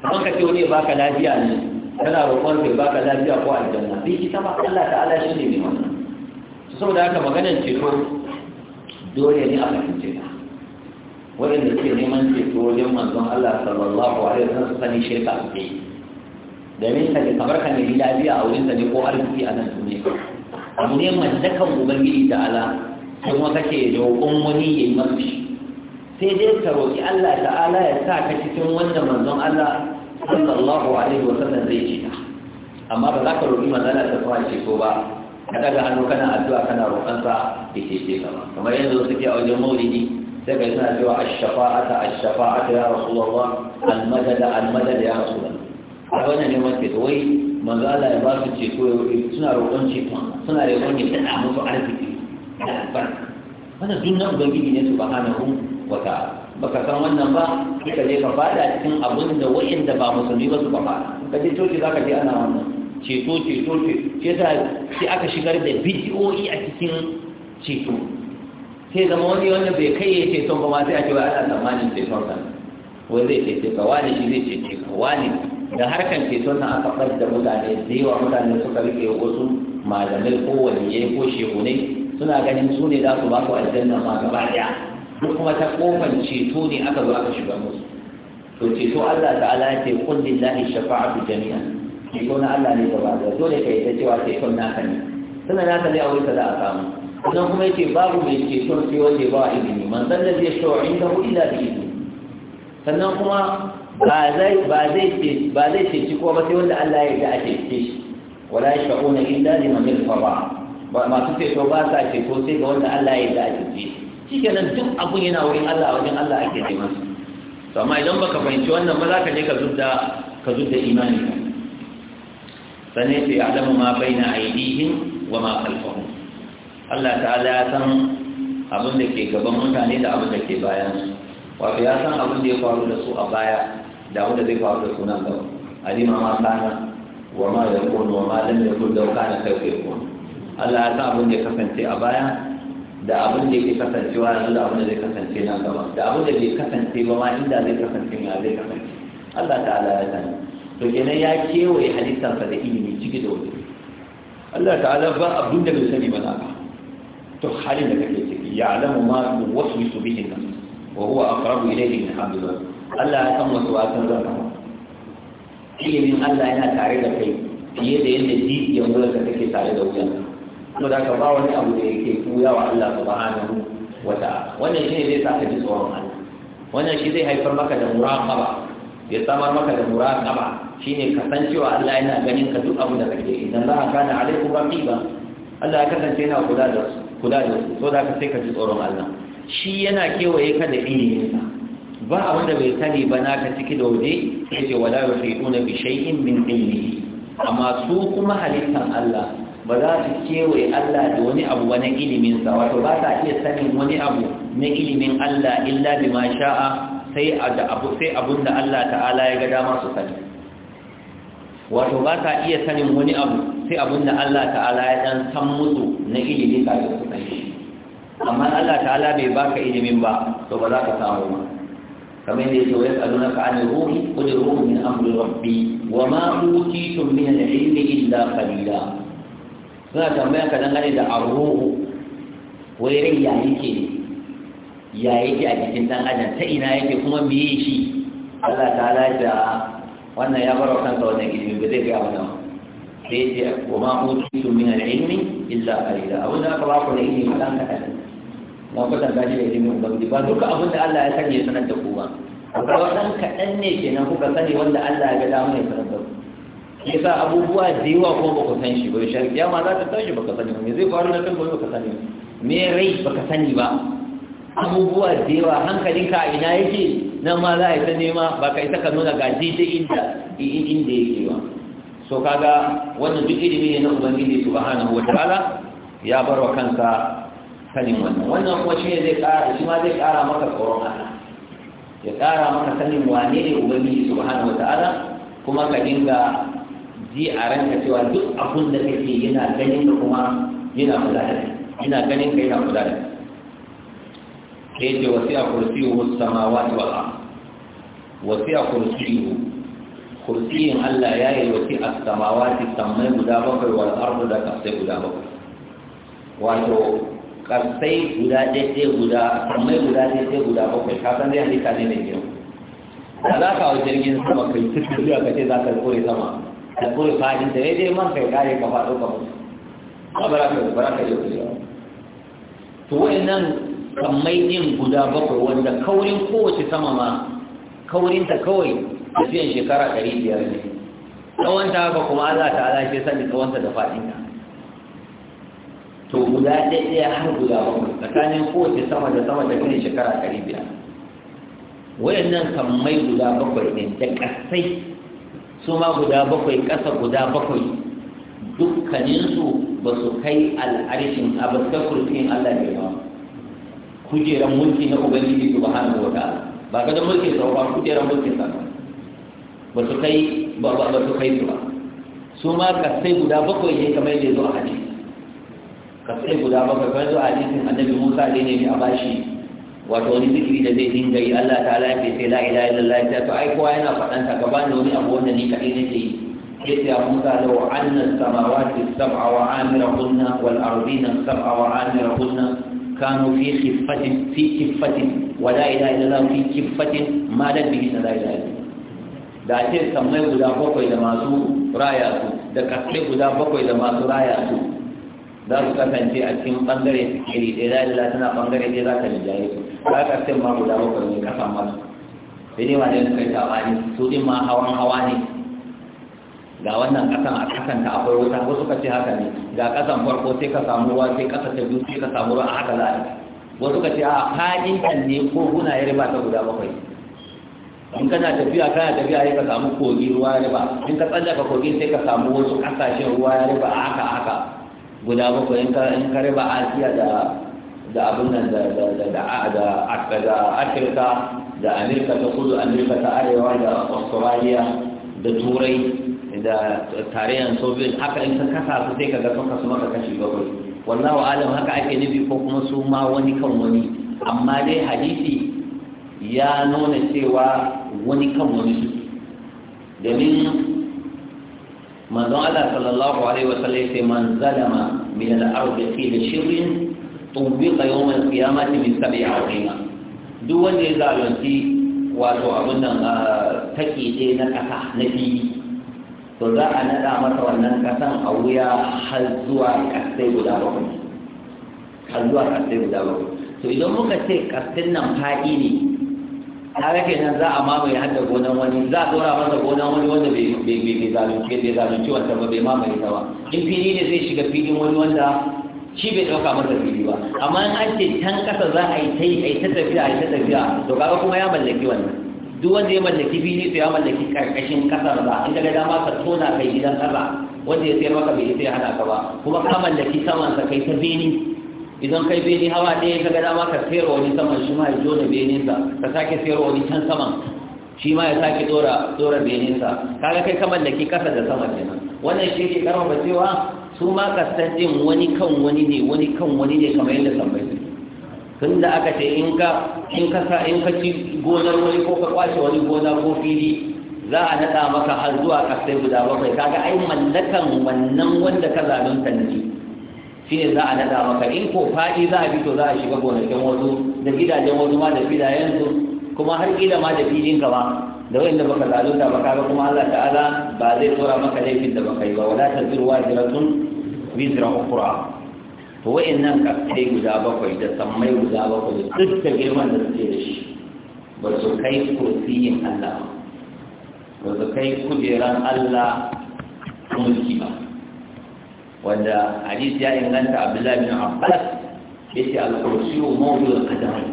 kamar ka ce wani ya baka lafiya ne kana roƙon kai baka lafiya ko aljanna bi ita ma Allah ta'ala shi ne mai wannan saboda haka maganar ceto dole ne a fahimce ta waɗanda suke neman ceto wajen manzon Allah sallallahu alaihi wasallam su sani shirka suke yi domin ka kamar ka nemi lafiya a wurin ne ko arziki a nan duniya abu ne mallakan ubangiji ta'ala sai kuma kake roƙon wani yayi maka sai dai ka roƙi Allah ta'ala ya sa ka cikin wanda manzon Allah sallallahu alaihi wasallam zai ce amma ba za ka roƙi manzana ta kuma ce ko ba ka daga hannu kana addu'a kana roƙonsa ya ce ka ba kamar yanzu suke a wajen maulidi sai ka suna cewa ashafa'ata ashafa'ata ya rasulullah almadada almadada ya rasulullah a wannan ne wanda da wai manzo Allah ya ba su ceto suna roƙon ceto suna roƙon ya tada musu arziki da albarka wannan duk na ubangiji ne su subhanahu wa ta'ala baka san wannan ba Kika je ka fada cikin abun da da ba musulmi ba su ba fada ka je coci za ka je ana wannan ceto ceto ce sai aka shigar da bidiyoyi a cikin ceto sai zama wani wanda bai kai ya ceton ba ma sai a ce wa ana tsammanin ceton ka wai zai cece ka wani shi zai cece ka wani da harkar ceto na aka bar da mutane da yawa mutane suka rike wasu malamai ko waliyai ko ne suna ganin su ne za su ba su aljanna ma gaba daya duk kuma ta kofan ceto ne aka zo aka shiga musu to ceto Allah ta'ala ya ce kun lillahi shafa'atu jami'a ceto na Allah ne gaba da dole kai ta cewa ceton naka ne tunda naka ne a wurin da aka samu sannan kuma yace babu mai ceton sai wanda ba izini man zalla zai shawo inda hu illa bi izini sannan kuma ba zai ba zai ce ba zai ce ko ba sai wanda Allah ya yarda a cece shi wala yashfa'una illa liman yarfa ba masu ceto ba sa ceto sai ga wanda Allah ya yarda a cece shi shi nan duk abun yana wurin Allah wajen Allah ake neman su to amma idan baka fahimci wannan ba za ka je ka zubda ka zubda imani sanin sai alamu ma na aidihin wa ma kalfahu Allah ta'ala ya san abin da ke gaban mutane da abin da ke bayan su wato ya san abin da ya faru da su a baya da abin da zai faru da su nan gaba alima ma kana wa ma kunu wa ma lam yakun law kana kai yakun Allah ya san abin da ya kasance a baya da abin da yake kasancewa yanzu da abin da zai kasance nan gaba da abin da bai kasance ba ma inda zai kasance ya zai kasance Allah ta'ala ya sani to kenan ya kewaye halittarsa da ilimi ciki da waje Allah ta'ala ba abin da bai sani ba na ba to halin da kake ciki ya alamu ma su wasu su bihin nan wa huwa aqrabu ilayhi min hablillah Allah ya san wasu wasan kama. ilimin Allah yana tare da kai fiye da yadda jijiyan wurin da kake tare da wuyan to ka ba wani abu da yake tuya wa Allah subhanahu wa ta'ala wannan shi ne zai sa ka ji tsoron Allah wannan shi zai haifar maka da muraqaba ya samar maka da muraqaba shine kasancewa Allah yana ganin ka duk abu da kake idan za ka kana alaikum raqiba Allah ya kasance yana kula da su kula da su so da ka sai ka ji tsoron Allah shi yana kewaye ka da iliminsa ba abin da bai sani ba naka ciki da waje sai ce wala yuhiduna bi shay'in min ilmihi amma su kuma halittar Allah ba za su kewaye Allah da wani abu wani iliminsa wato ba sa iya sanin wani abu na ilimin Allah illa bi ma sha'a sai abu abun da Allah ta'ala ya ga dama su sani wato ba sa iya sanin wani abu sai abun da Allah ta'ala ya dan san musu na ilimin da su sani amma Allah ta'ala bai baka ilimin ba to ba za ka samu ba kamar da yake wayar aluna ka an ruhi qul ruhu min amri rabbi wa ma utitum min al-ilmi illa qalila suna tambaya ka dangane da arruhu wai rai ya yake ya yake a jikin dan adam ta ina yake kuma me yi shi Allah ta da wannan ya bar kansa wannan ilimi ba zai ga wannan sai ya ce wa ma utitu min al-ilmi illa qalila abun da aka ba ku na ilimi dan kadan ku kwatan gashi da ilimin ubangiji ba duka abin da Allah ya sani ya sanar da ku ba akwai wadan kaɗan ne kenan nan kuka sani wanda Allah ya ga damu ya sanar da ku yasa abubuwa da yawa ko baka san shi ba shi ma za ta tashi baka sani ba, me zai faru na kan baka sani ba? me rai baka sani ba abubuwa da yawa hankalin a ina yake nan ma za a yi ta nema ba ka isa ka nuna ga daidai inda inda yake ba so kaga wannan duk ilimi ne na ubangiji subhanahu wataala ya bar wa kansa sanin wannan wannan kuma shi ne zai kara shi ma zai kara maka tsoron Allah ya kara maka sanin wane ne ubangiji subhanahu wataala kuma ka dinga ji a ranka cewa duk abun da kake yana ganin ka kuma yana kula da yana ganin ka yana kula da sai ce wasu kursiyuhu Wasu a kursi yi kursiyuhu kursiyin Allah ya yi wasi a sama, wasu sammai guda bakwai wa ardu da kasai guda bakwai wato kasai guda ɗaiɗai guda sammai guda ɗaiɗai guda bakwai kasan zai halitta ne mai yau da za ka hau jirgin sama kai tuttuli a kashe za ka kore sama da kuri fadin da dai man kai kare ka faɗo ka mutu ba ba ka ba ka yi kuri to wayannan kammai din guda bakwai wanda kaurin kowace sama ma kaurin ta kawai tafiyan shekara ɗari ne tsawon ta haka kuma Allah ta ala shi sani tsawon ta da fadin na. to guda ɗaya har guda bakwai tsakanin kowace sama da sama da kai shekara ɗari biyar wayannan kammai guda bakwai ne ƙasai su ma guda bakwai ƙasa guda bakwai dukkaninsu ba su kai al'arishin a ba kurfin Allah ne ba kujeran mulki na ubangiji subhanahu wa ta'ala ba ga dan mulki sau ba kujeran mulki sa ba su kai ba ba su kai su ba su ma kasai guda bakwai ne kamar yadda zo a hadisi kasai guda bakwai kamar zo a hadisin annabi Musa ne ne a bashi wato wani zikiri da zai dinga yi Allah ta ala ce sai la ilaha illallah ta to ai kowa yana faɗan ta gaba da wani abu wanda ni kadai nake yi sai ya da law anna samawati sab'a wa amirahunna wal ardina sab'a wa amirahunna kanu fi khiffatin fi khiffatin wa la ilaha illallah fi khiffatin ma la bihi la ilaha da ce sammai guda bakwai da masu raya su da kasai guda bakwai da masu raya su za su kasance a cikin bangare su kiri ɗaya da lalata tana bangare ɗaya za ka da jaye ba ka sai ma guda bakwai ne kasan masu sai da wani kai tawa ne su ɗin ma hawan hawa ne ga wannan kasan a kasan ta akwai wuta ko suka ce haka ne ga kasan farko sai ka samu ruwa sai kasa ta biyu sai ka samu ruwa a haka za a ko suka ce a haɗin kan ne ko guna ya riba ta guda bakwai in kana tafiya kana tafiya sai ka samu kogi ruwa ya riba in ka tsallaka kogi sai ka samu wasu kasashen ruwa ya riba a haka haka guda bakwai in ka ba asiya da abin nan da afirka da amirka ta kudu amerika ta arewa da australia da turai da tarayyar soviet haka in ka kasa su sai ka ga sun kasu maka kashi bakwai wallahu alam haka ake nufi ko kuma su ma wani kan wani amma dai hadisi ya nuna cewa wani kan wani su domin manzon Allah sallallahu alaihi wa sallam sai man zalama min al-ardi fi shirrin tubiqa yawm al-qiyamati min sab'i awqima duk wanda ya zalunci wato abin nan ah, take dai na kasa na biyu to za a naɗa masa wannan ƙasan a wuya har zuwa ƙasai guda bakwai har zuwa ƙasai guda bakwai to idan muka ce ƙasin nan faɗi ne tare kenan za a mamaye hadda gonan wani za a dora masa gonan wani wanda bai zalunci bai zalunci wanda ba bai mamaye ta ba in fili ne zai shiga filin wani wanda shi bai ɗauka masa fili ba amma in an ce can ƙasa za a yi ta yi ta tafiya a yi ta tafiya to kaga kuma ya mallaki wannan duk wanda ya mallaki fili to ya mallaki ƙarƙashin ƙasar ba in ga dama ka tona kai gidan kasa wanda ya sayar maka bai sai hana ka ba kuma ka mallaki saman sa kai ta beni idan kai beni hawa ɗaya ka gada ma ka sayar wani saman shi ma ya zo da beninsa ka sake sayar wani can saman shi ma ya sake dora dora ka kaga kai da ke kasa da saman ne wannan shi ke karfafa cewa su ma kasan din wani kan wani ne wani kan wani ne kamar yadda san bai tun da aka ce in ka in ka sa in ka ci gonar wani ko ka kwace wani gona ko fili za a naɗa maka har zuwa kasai guda bakwai kaga ai mallakan wannan wanda ka ta ne shine za a nada maka in ko faɗi za a bi to za a shiga gonakin wasu da gidajen wasu ma da filayensu kuma har kila ma da filin ka ba da wanda baka da baka ga kuma Allah ta'ala ba zai tura maka laifin da baka yi ba wala taziru waziratun wizra ukhra to wayannan ka kai guda bakwai da sammai guda bakwai duk da girman da suke da shi ba su kai kursiyin Allah ba su kai kujeran Allah mulki ba wanda hadisi ya inganta abdullahi bin abbas yace al-kursi mawdu al-qadam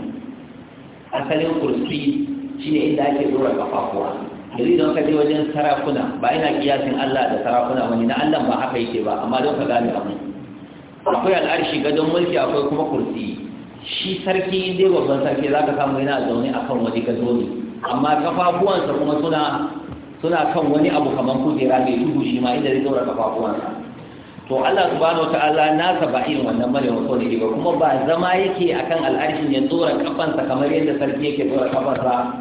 asalin kursi shine inda ake dora kafafuwa yanzu idan ka je wajen sarakuna ba ina kiyasin Allah da sarakuna wani na Allah ba haka yake ba amma don ka gane abu akwai al'arshi gadon mulki akwai kuma kursi shi sarki inda babban sarki za ka samu yana zaune a kan wani gado ne amma kafafuwansa kuma suna kan wani abu kamar kujera mai tudu shi ma inda zai zaura kafafuwansa to Allah subhanahu wataala na ba irin wannan bane wato da ba kuma ba zama yake akan al'arshin ya dora kafansa kamar yadda sarki yake dora kafansa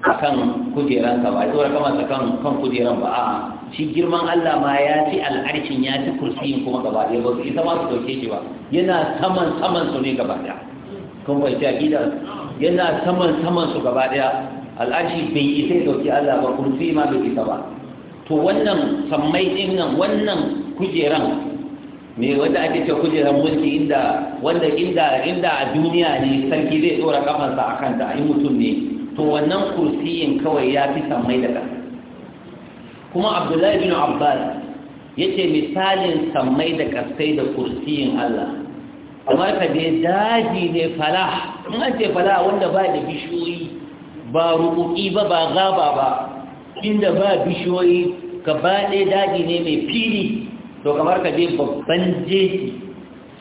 akan kujeransa ba ya dora kafansa kan kan kujeran ba a'a shi girman Allah ma ya ci al'arshin ya ci kursiyin kuma gaba ɗaya ba su isa ma su dauke shi ba yana saman saman su ne gaba ɗaya kun fahimci akida yana saman saman su gaba ɗaya al'arshi bai isa ya dauki Allah ba kursi ma bai isa ba to wannan sammai ɗin nan wannan kujeran me wanda ake ce kujeran mulki inda wanda inda inda a duniya ne sarki zai dora kafansa a kanta yi mutum ne to wannan kursiyin kawai ya fi samai da ƙasa kuma abdullahi bin abbas ya ce misalin samai da ƙasai da kursiyin allah kamar ka je daji ne fala in an ce fala wanda ba da bishiyoyi ba rukuki ba ba gaba ba inda ba bishiyoyi gaba ɗaya daji ne mai fili to kamar ka je babban jeji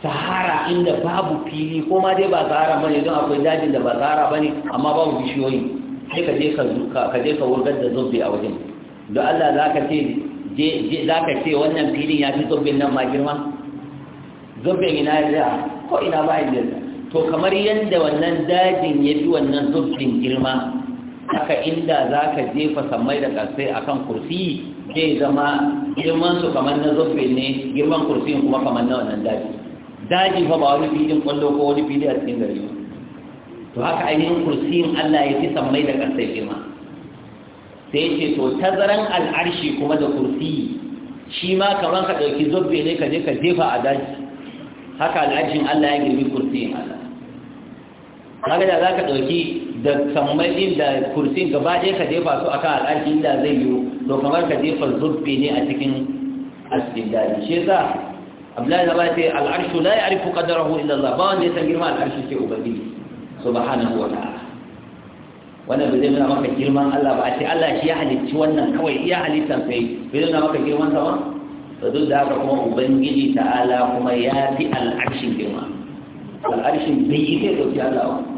sahara inda babu fili ko ma dai ba sahara bane don akwai dajin da ba sahara bane amma babu bishiyoyi sai ka je ka zuka ka je ka wurgar da zubbe a wajen don Allah za ka ce je za ka ce wannan filin ya fi zubbin nan ma girma zubbin ina ya tsaya ko ina ba ya tsaya to kamar yadda wannan dajin ya fi wannan zubbin girma haka inda za ka jefa sammai da kasai akan kursi ke zama girman su kamar na zobe ne girman kursiyin kuma kamar na wannan daji daji fa ba wani filin kwallo ko wani fili a cikin gari to haka ainihin kursiyin Allah ya fi sammai da ƙasar girma sai ce to tazaran al'arshi kuma da kursiyi shi ma kamar ka ɗauki zobe ne ka je ka jefa a daji haka al'arshin Allah ya girbi kursiyin Allah kaga da za ka ɗauki da sammai din da kursin gaba ɗaya ka jefa su akan al'arshi inda zai yiwu to kamar ka jefa zurfi ne a cikin asibidari shi yasa abdullahi da ba ce al'arshu la ya arifu qadarahu illa Allah ba wanda ya san girman al'arshi sai ubangiji subhanahu wa ta'ala wannan bai zai nuna maka girman Allah ba a ce Allah shi ya halicci wannan kawai iya halitta sai bai nuna maka girman sa ba to duk da haka kuma ubangiji ta'ala kuma ya fi al'arshin girma al'arshin bai yi kai dauki Allah ba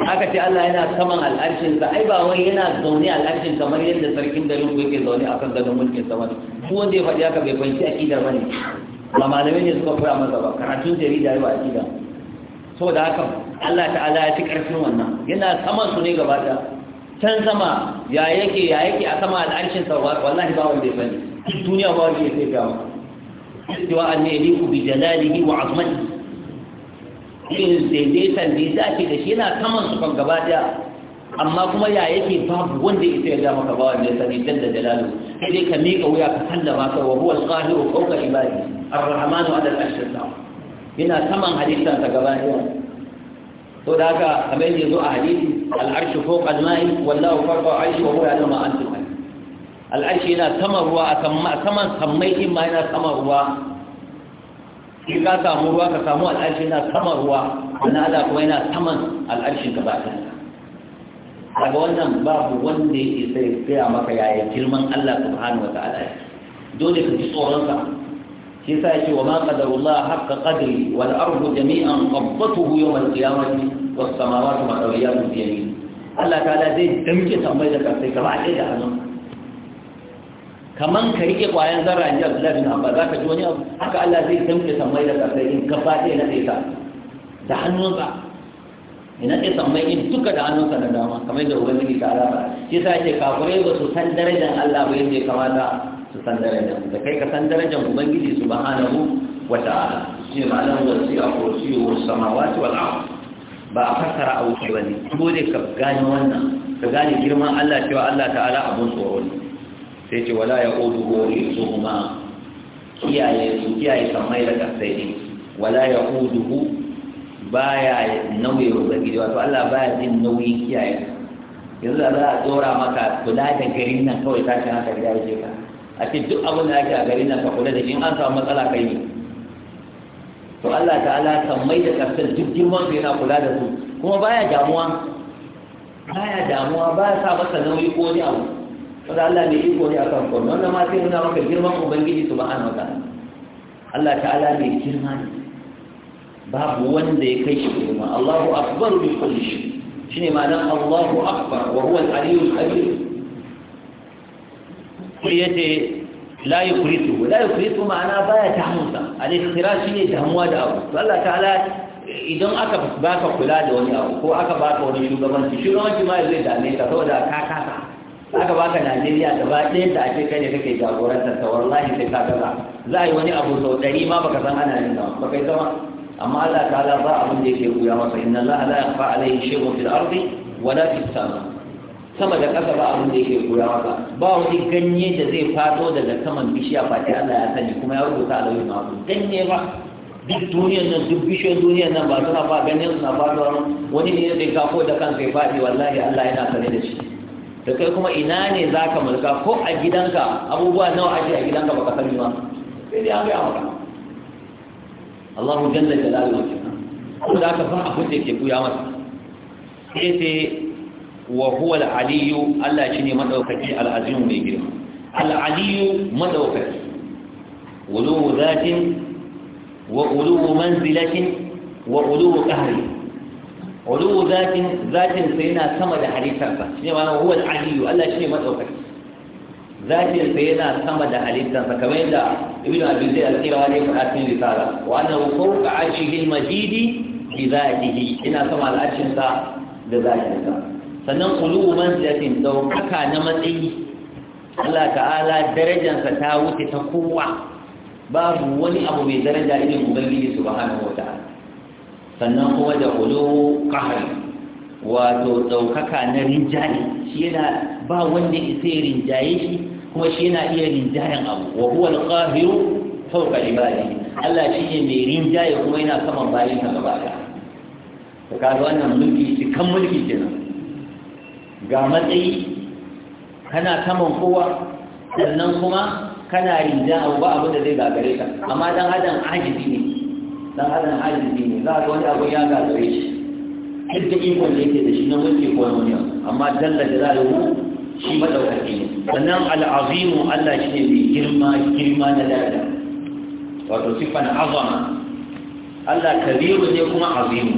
aka ce Allah yana saman al'arshinsa ai ba wai yana zaune al'arshin kamar yadda sarkin garin ku yake zaune akan gadon mulkin sama ne ko wanda ya faɗi haka bai fahimci akidar ba ne ba malami ne suka koya masa ba karatun jarida ba akida saboda haka Allah ta'ala ya ci ƙarfin wannan yana saman su ne gaba ɗaya can sama ya yake ya yake a sama al'arshin sa wallahi ba wanda ya sani duniya ba wanda ya sai ga wa cewa ne ku bi jalalihi wa azmatihi Yin daidaitan da ya dace da shi yana saman su kan gaba daya amma kuma ya yake babu wanda ya sai ya maka bawa ne sani dan da dalalu sai dai ka miƙa wuya ka sallama ka wa huwa al-qahiru fawqa ibadi ar-rahmanu 'ala al-arshi yana saman halittar ta gaba daya to da haka kamar yadda zo a hadisi al-arshu fawqa al-ma'i wallahu fawqa al-arshi wa huwa ya'lamu ma antum al-arshi yana saman ruwa akan saman sammai in ma yana saman ruwa in ka samu ruwa ka samu al'arshi na saman ruwa wani ala kuma yana saman al'arshi ka ba daga wannan babu wanda ya isa ya gaya maka yaya girman Allah subhanahu wa ta'ala dole ka ji tsoronsa shi sa yake wa ma qadarullah haqqa qadri wal ardu jami'an qabdatuhu yawm al qiyamati was samawati madawiyatun bi yamin Allah ta'ala zai damke tambayar da kai kamar ɗaya da hannu. kaman ka rike kwayan zarra in abdullahi bin abba za ka ji wani abu haka allah zai tamke samai da ƙasai in gaba ɗaya na tsaya da hannunsa ina ɗaya samai in duka da hannunsa na dama kamar da ubangi ta ala ba shi sa ce kafirai ba su san darajar allah ba yadda ya kamata su san darajar da kai ka san darajar ubangiji subhanahu wa ta'ala shi ma'anar wasi a wa samawati wal ardh ba a fassara a wuce ba ne ko dai ka gane wannan ka gane girman Allah cewa Allah ta'ala abun tsoro ne sai ce wala ya ƙudu hori su kuma kiyaye su kiyaye samai da kasai wala ya ƙudu ya nauyi rubagi wato Allah baya jin nauyi kiyaye yanzu da za a tsora maka kula da garin nan kawai ta ce haka gida yake ka a ce duk abin da ake a garin nan ka kula da shi in an samu matsala kai ne to Allah ta kan mai da kasar duk girman su yana kula da su kuma baya damuwa baya damuwa baya sa masa nauyi ko wani abu wanda Allah ne iko ne akan komai wannan ma sai nuna maka girman ubangiji subhanahu wataala Allah ta'ala mai girma ne babu wanda ya kai shi girma Allahu akbar bi kulli shay shine ma'anar Allahu akbar wa huwa al-aliyyul kabir yace la yukritu la yukritu ma'ana baya tahmusa al-ikhtira shine tahmuwa da abu to Allah ta'ala idan aka baka kula da wani abu ko aka baka wani shugabanci shugabanci ma zai dame ka saboda ka kasa aka baka Najeriya ba ɗaya da ake kai ne kake jagorantar ta wallahi sai ka gaza za a yi wani abu sau ɗari ma baka san ana yin ba baka yi zama amma Allah ta'ala ba abin da yake buya masa inna Allah la yakhfa alayhi shay'un fil ardi wala fis sama sama da ƙasa ba abin da yake buya masa ba wani ganye da zai fado daga saman bishiya ba sai Allah ya sani kuma ya rubuta a lauyin masu ganye ba duk duniyar nan duk bishiyar duniyar nan ba suna ba ganyen suna fadowa wani ne ya zai kafo da kansa ya faɗi wallahi Allah yana sane da shi da kai kuma ina ne za ka mulka ko a gidanka abubuwa nawa ake a gidanka baka sani ba sai dai an gaya maka Allahu jalla jalaluhu ko da ka ba abin da ke buya masa sai sai wa huwa al-aliyyu Allah shine madaukaki al-azim mai girma al-aliyyu madaukaki ulu zatin wa ulu manzilatin wa ulu qahri ulu zatin zatin sa yana sama da halittarsa shine ma'ana huwa al-aliyyu Allah shi shine madaukaki zatin sa yana sama da halittarsa kamar yadda ibnu abi zayd al-qirawa ne fa atin risala wa annahu fawqa 'arshihi al-majidi bi zatihi ina sama da arshin sa da zatin sa sannan ulu manzilatin daukaka na matsayi Allah ta'ala darajarsa ta wuce ta kowa babu wani abu mai daraja irin ubangiji subhanahu wa ta'ala sannan kuma da ulu qahri wato daukaka na rinjaye shi yana ba wanda isa ya rinjaye shi kuma shi yana iya rinjayen abu wa huwa al-qahiru fawqa ibadi Allah shi ne mai rinjaye kuma yana saman bayin sa gaba ɗaya to kaga wannan mulki shi kan mulki kenan ga matsayi kana saman kowa sannan kuma kana rinja abu ba abu da zai gagare ka amma dan adam ajibi ne dan adam ajizi ne za a ga wani abu ya gagare shi duk da ikon da yake da shi na mulki ko wani amma dalla da zaluhu shi madaukaki ne sannan al'azimu Allah shi ne mai girma girma na dada wato sifan azama Allah kabiru ne kuma azimu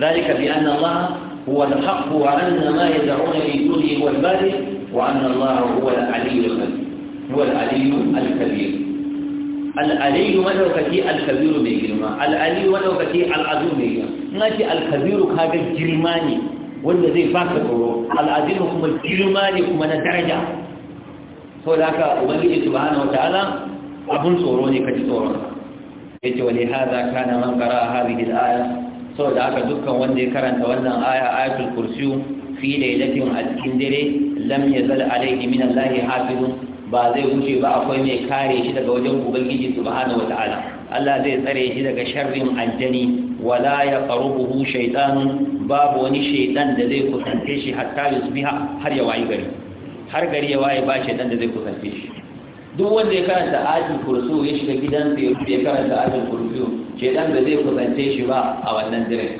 zalika bi anna Allah huwa al-haqq wa anna ma yad'una min dunihi huwa al-batil wa anna Allah huwa al-'aliyyu al-kabir huwa al-'aliyyu al-kabir al'aliyu madaukaki alkabiru mai girma al'aliyu madaukaki al'azuru mai girma na ce alkabiru kaga girma ne wanda zai baka tsoro al'azimu kuma girma ne kuma na daraja sau da haka ubangiji subhanahu wataala abun tsoro ne kaji tsoron ce wani haza kana man qara hadhihi gida aya sau da haka dukkan wanda ya karanta wannan aya ayatul kursiyu fi lailatin a cikin dare lam yazal alayhi min allahi hafizun ba zai wuce ba akwai mai kare shi daga wajen ubangiji subhanahu wata'ala Allah zai tsare shi daga sharrin aljani wala ya qarubuhu shaytanun babu wani shaytan da zai kusance shi hatta yusbiha har ya wayi gari har gari ya waye ba shaytan da zai kusance shi duk wanda ya karanta ayatul kursu ya shiga gidan sa ya karanta ayatul kursu shaytan da zai kusance shi ba a wannan dare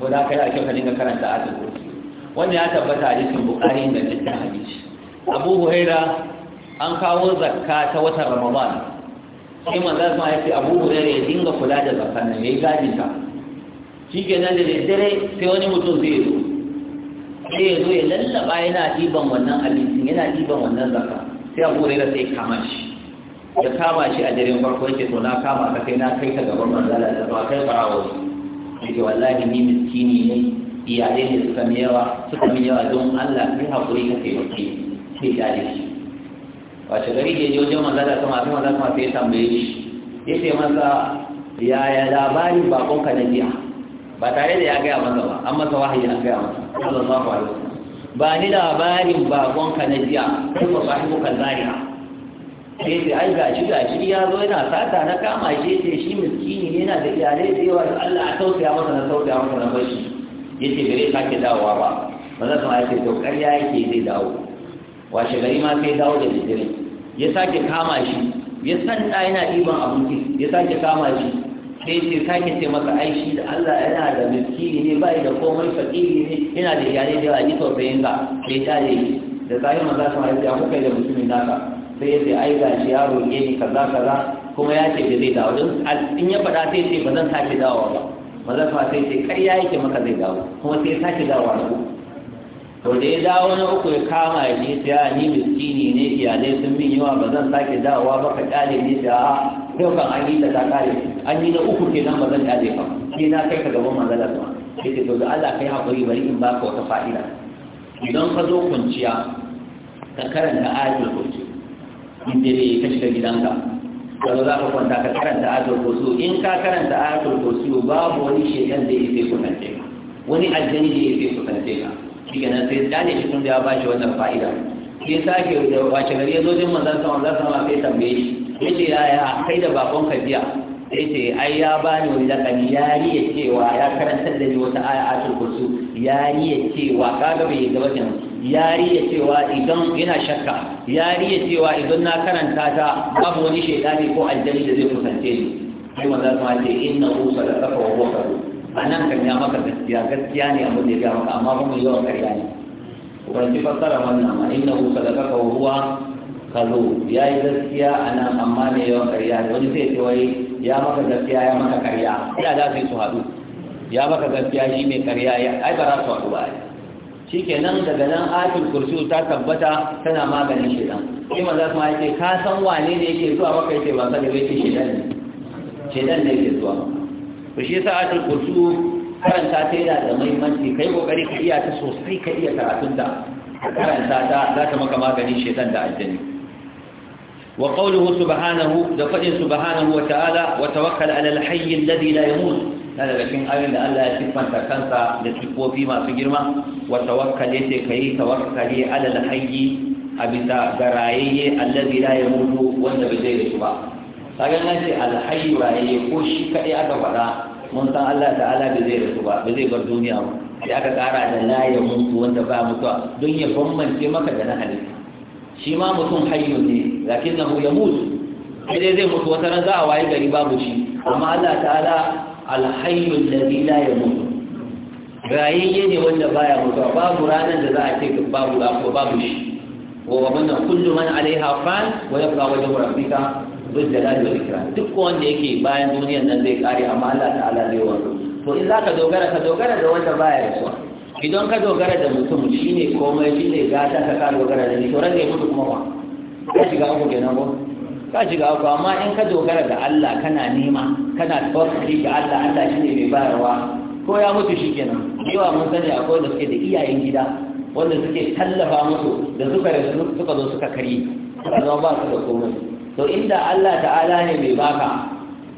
to da kai ake ka dinga karanta ayatul kursu wannan ya tabbata hadisin bukhari da littafin hadisi abu huraira an kawo zakka ta watan ramadan sai manzo ma ya ce abu hurairah ya dinga kula da zakka nan yayi gadi ta shi nan da dare sai wani mutum zai zo sai ya zo ya lallaba yana diban wannan abincin yana diban wannan zakka sai abu hurairah sai kama shi ya kama shi a daren farko yake to na kama ka kai na kai ka gaban Allah da ba kai farawo yake wallahi ni miskini ne iyalai ne suka mi yawa suka miyawa don Allah kai hakuri ka kai sai ya dace wace gari da ya wajen maza da sama sai maza kuma sai tambaye shi ya ce masa yaya labarin bakon ka na biya ba tare da ya gaya masa ba an masa wahayi an gaya masa sallallahu ku wasallam ba ni labarin bakon ka na biya kuma sahibu kan zariya Ya ce ai gashi shi ya zo yana sata na kama shi ce shi miskini ne yana da iyalai da yawa Allah a tausaya masa na tausaya masa na bashi ce gare sake dawowa ba ba za su ma yace to karya yake zai dawo washe gari ma sai dawo da daddare ya sake kama shi ya san da yana ɗiban abinci ya sake kama shi sai ce sake ce masa aishi da Allah yana da miskini ne bai da komai fakiri ne yana da iyalai da yawa ji tausayin ka sai ta yi da zai maza su haifi ku kuka da mutumin naka sai ya ce ai ga shi yaro roƙe ni kaza kaza kuma ya ce da zai dawo don in ya faɗa sai ce ba zan sake dawo ba maza su sai ce kai ya yake maka zai dawo kuma sai sake dawowa dawo. to da ya dawo na uku ya kama ya ce ta ni miskini ne iyalai sun min yawa ba zan sake dawowa ba ka kyale ne ta a yau an yi ta ta kare an yi na uku ke nan ba zan kyale ba ke na kai ka gaban manzala ba ke ce to da Allah kai hakuri bari in baka wata fa'ida idan ka zo kunciya ka karanta ayatul kursi in dai ka shiga gidanka kazo za ka kwanta ka karanta ayatul kursi in ka karanta ayatul kursi babu wani shekan da yake kusance ka wani aljani da yake kusance ka shi kenan sai dane shi kun da ya bashi wannan fa'ida ke sake da wace gari ya zo jin manzon sama manzon sama sai tambaye shi ya yaya kai da baban ka jiya sai ce ai ya bani wani lakani ya riya cewa ya karantar da ni wata aya a turkusu ya riya cewa kaga bai gaba kenan ya riya cewa idan yana shakka ya riya cewa idan na karanta ta babu wani shaidani ko aljani da zai kusance ni sai manzon sama ce inna da kafa wa huwa anan nan kan ya maka gaskiya gaskiya ne abin da ya maka amma kuma yawan karya ne ubangiji fassara wannan ma inna hu sadaka wa huwa kazo ya yi gaskiya a nan amma ne yawan karya ne wani zai ce wai ya maka gaskiya ya maka karya ina za su yi su haɗu ya maka gaskiya shi mai karya ya ai ba za su haɗu ba shi kenan daga nan ayatul kursi ta tabbata tana maganin shedan sai maza kuma yake ka san wane ne yake zuwa maka yake ba sai da yake shedan ne shedan ne yake zuwa to shi yasa atul kursu karanta ta yana da muhimmanci kai kokari ka iya ta sosai ka iya karatun da karanta ta za ta maka maganin shaitan da aljani wa qawluhu subhanahu da fadin subhanahu wa ta'ala wa tawakkal ala al alladhi la yamut kana da cikin ayoyin da Allah ya siffanta kansa da sifofi masu girma wa tawakkal yace kai tawakkali ala al-hayy a alladhi la yamut wanda bai zai da ba kaga na ce alhayi waye ko shi kadai aka faɗa mun san Allah ta'ala bai zai rasu ba bai zai bar duniya ba sai aka ƙara da laye mutu wanda ba mutuwa don ya bambance maka da na halitta shi ma mutum hayyu ne lakin na ya mutu sai dai zai mutu wata ran za a waye gari babu shi amma Allah ta'ala alhayyul ladhi la yamutu rayayye ne wanda baya mutuwa babu ranar da za a ce babu ko babu shi wa wannan kullu man alaiha fan wa yabqa wajhu rabbika zul da wal ikra duk wanda yake bayan duniyar nan zai kare amma Allah ta'ala zai wato to in zaka dogara ka dogara da wanda baya rasuwa idan ka dogara da mutum shine komai shine gata ka kare dogara da ni to rage mutu kuma wa ka shiga uku kenan ko ka shiga uku amma in ka dogara da Allah kana nema kana tawakkali ga Allah Allah shine mai bayarwa ko ya mutu shikenan yawa mun sani akwai da suke da iyayen gida wanda suke tallafa musu da suka rasu suka zo suka kari suka zama ba su da komai to inda Allah ta'ala ne mai baka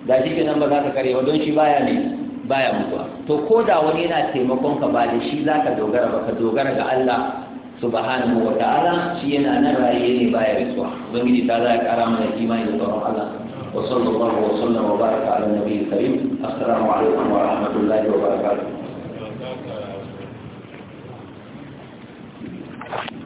da shi kenan ba za ka kare ba don shi baya ne baya mutuwa to ko da wani yana taimakon ka ba da shi za ka dogara ba ka dogara ga Allah subhanahu wa ta'ala shi yana nan raye ne baya don ubangiji ta za ka kara mana imani da tsoron Allah wa sallallahu wa sallam wa baraka ala nabiyyi karim assalamu alaikum wa rahmatullahi wa barakatuh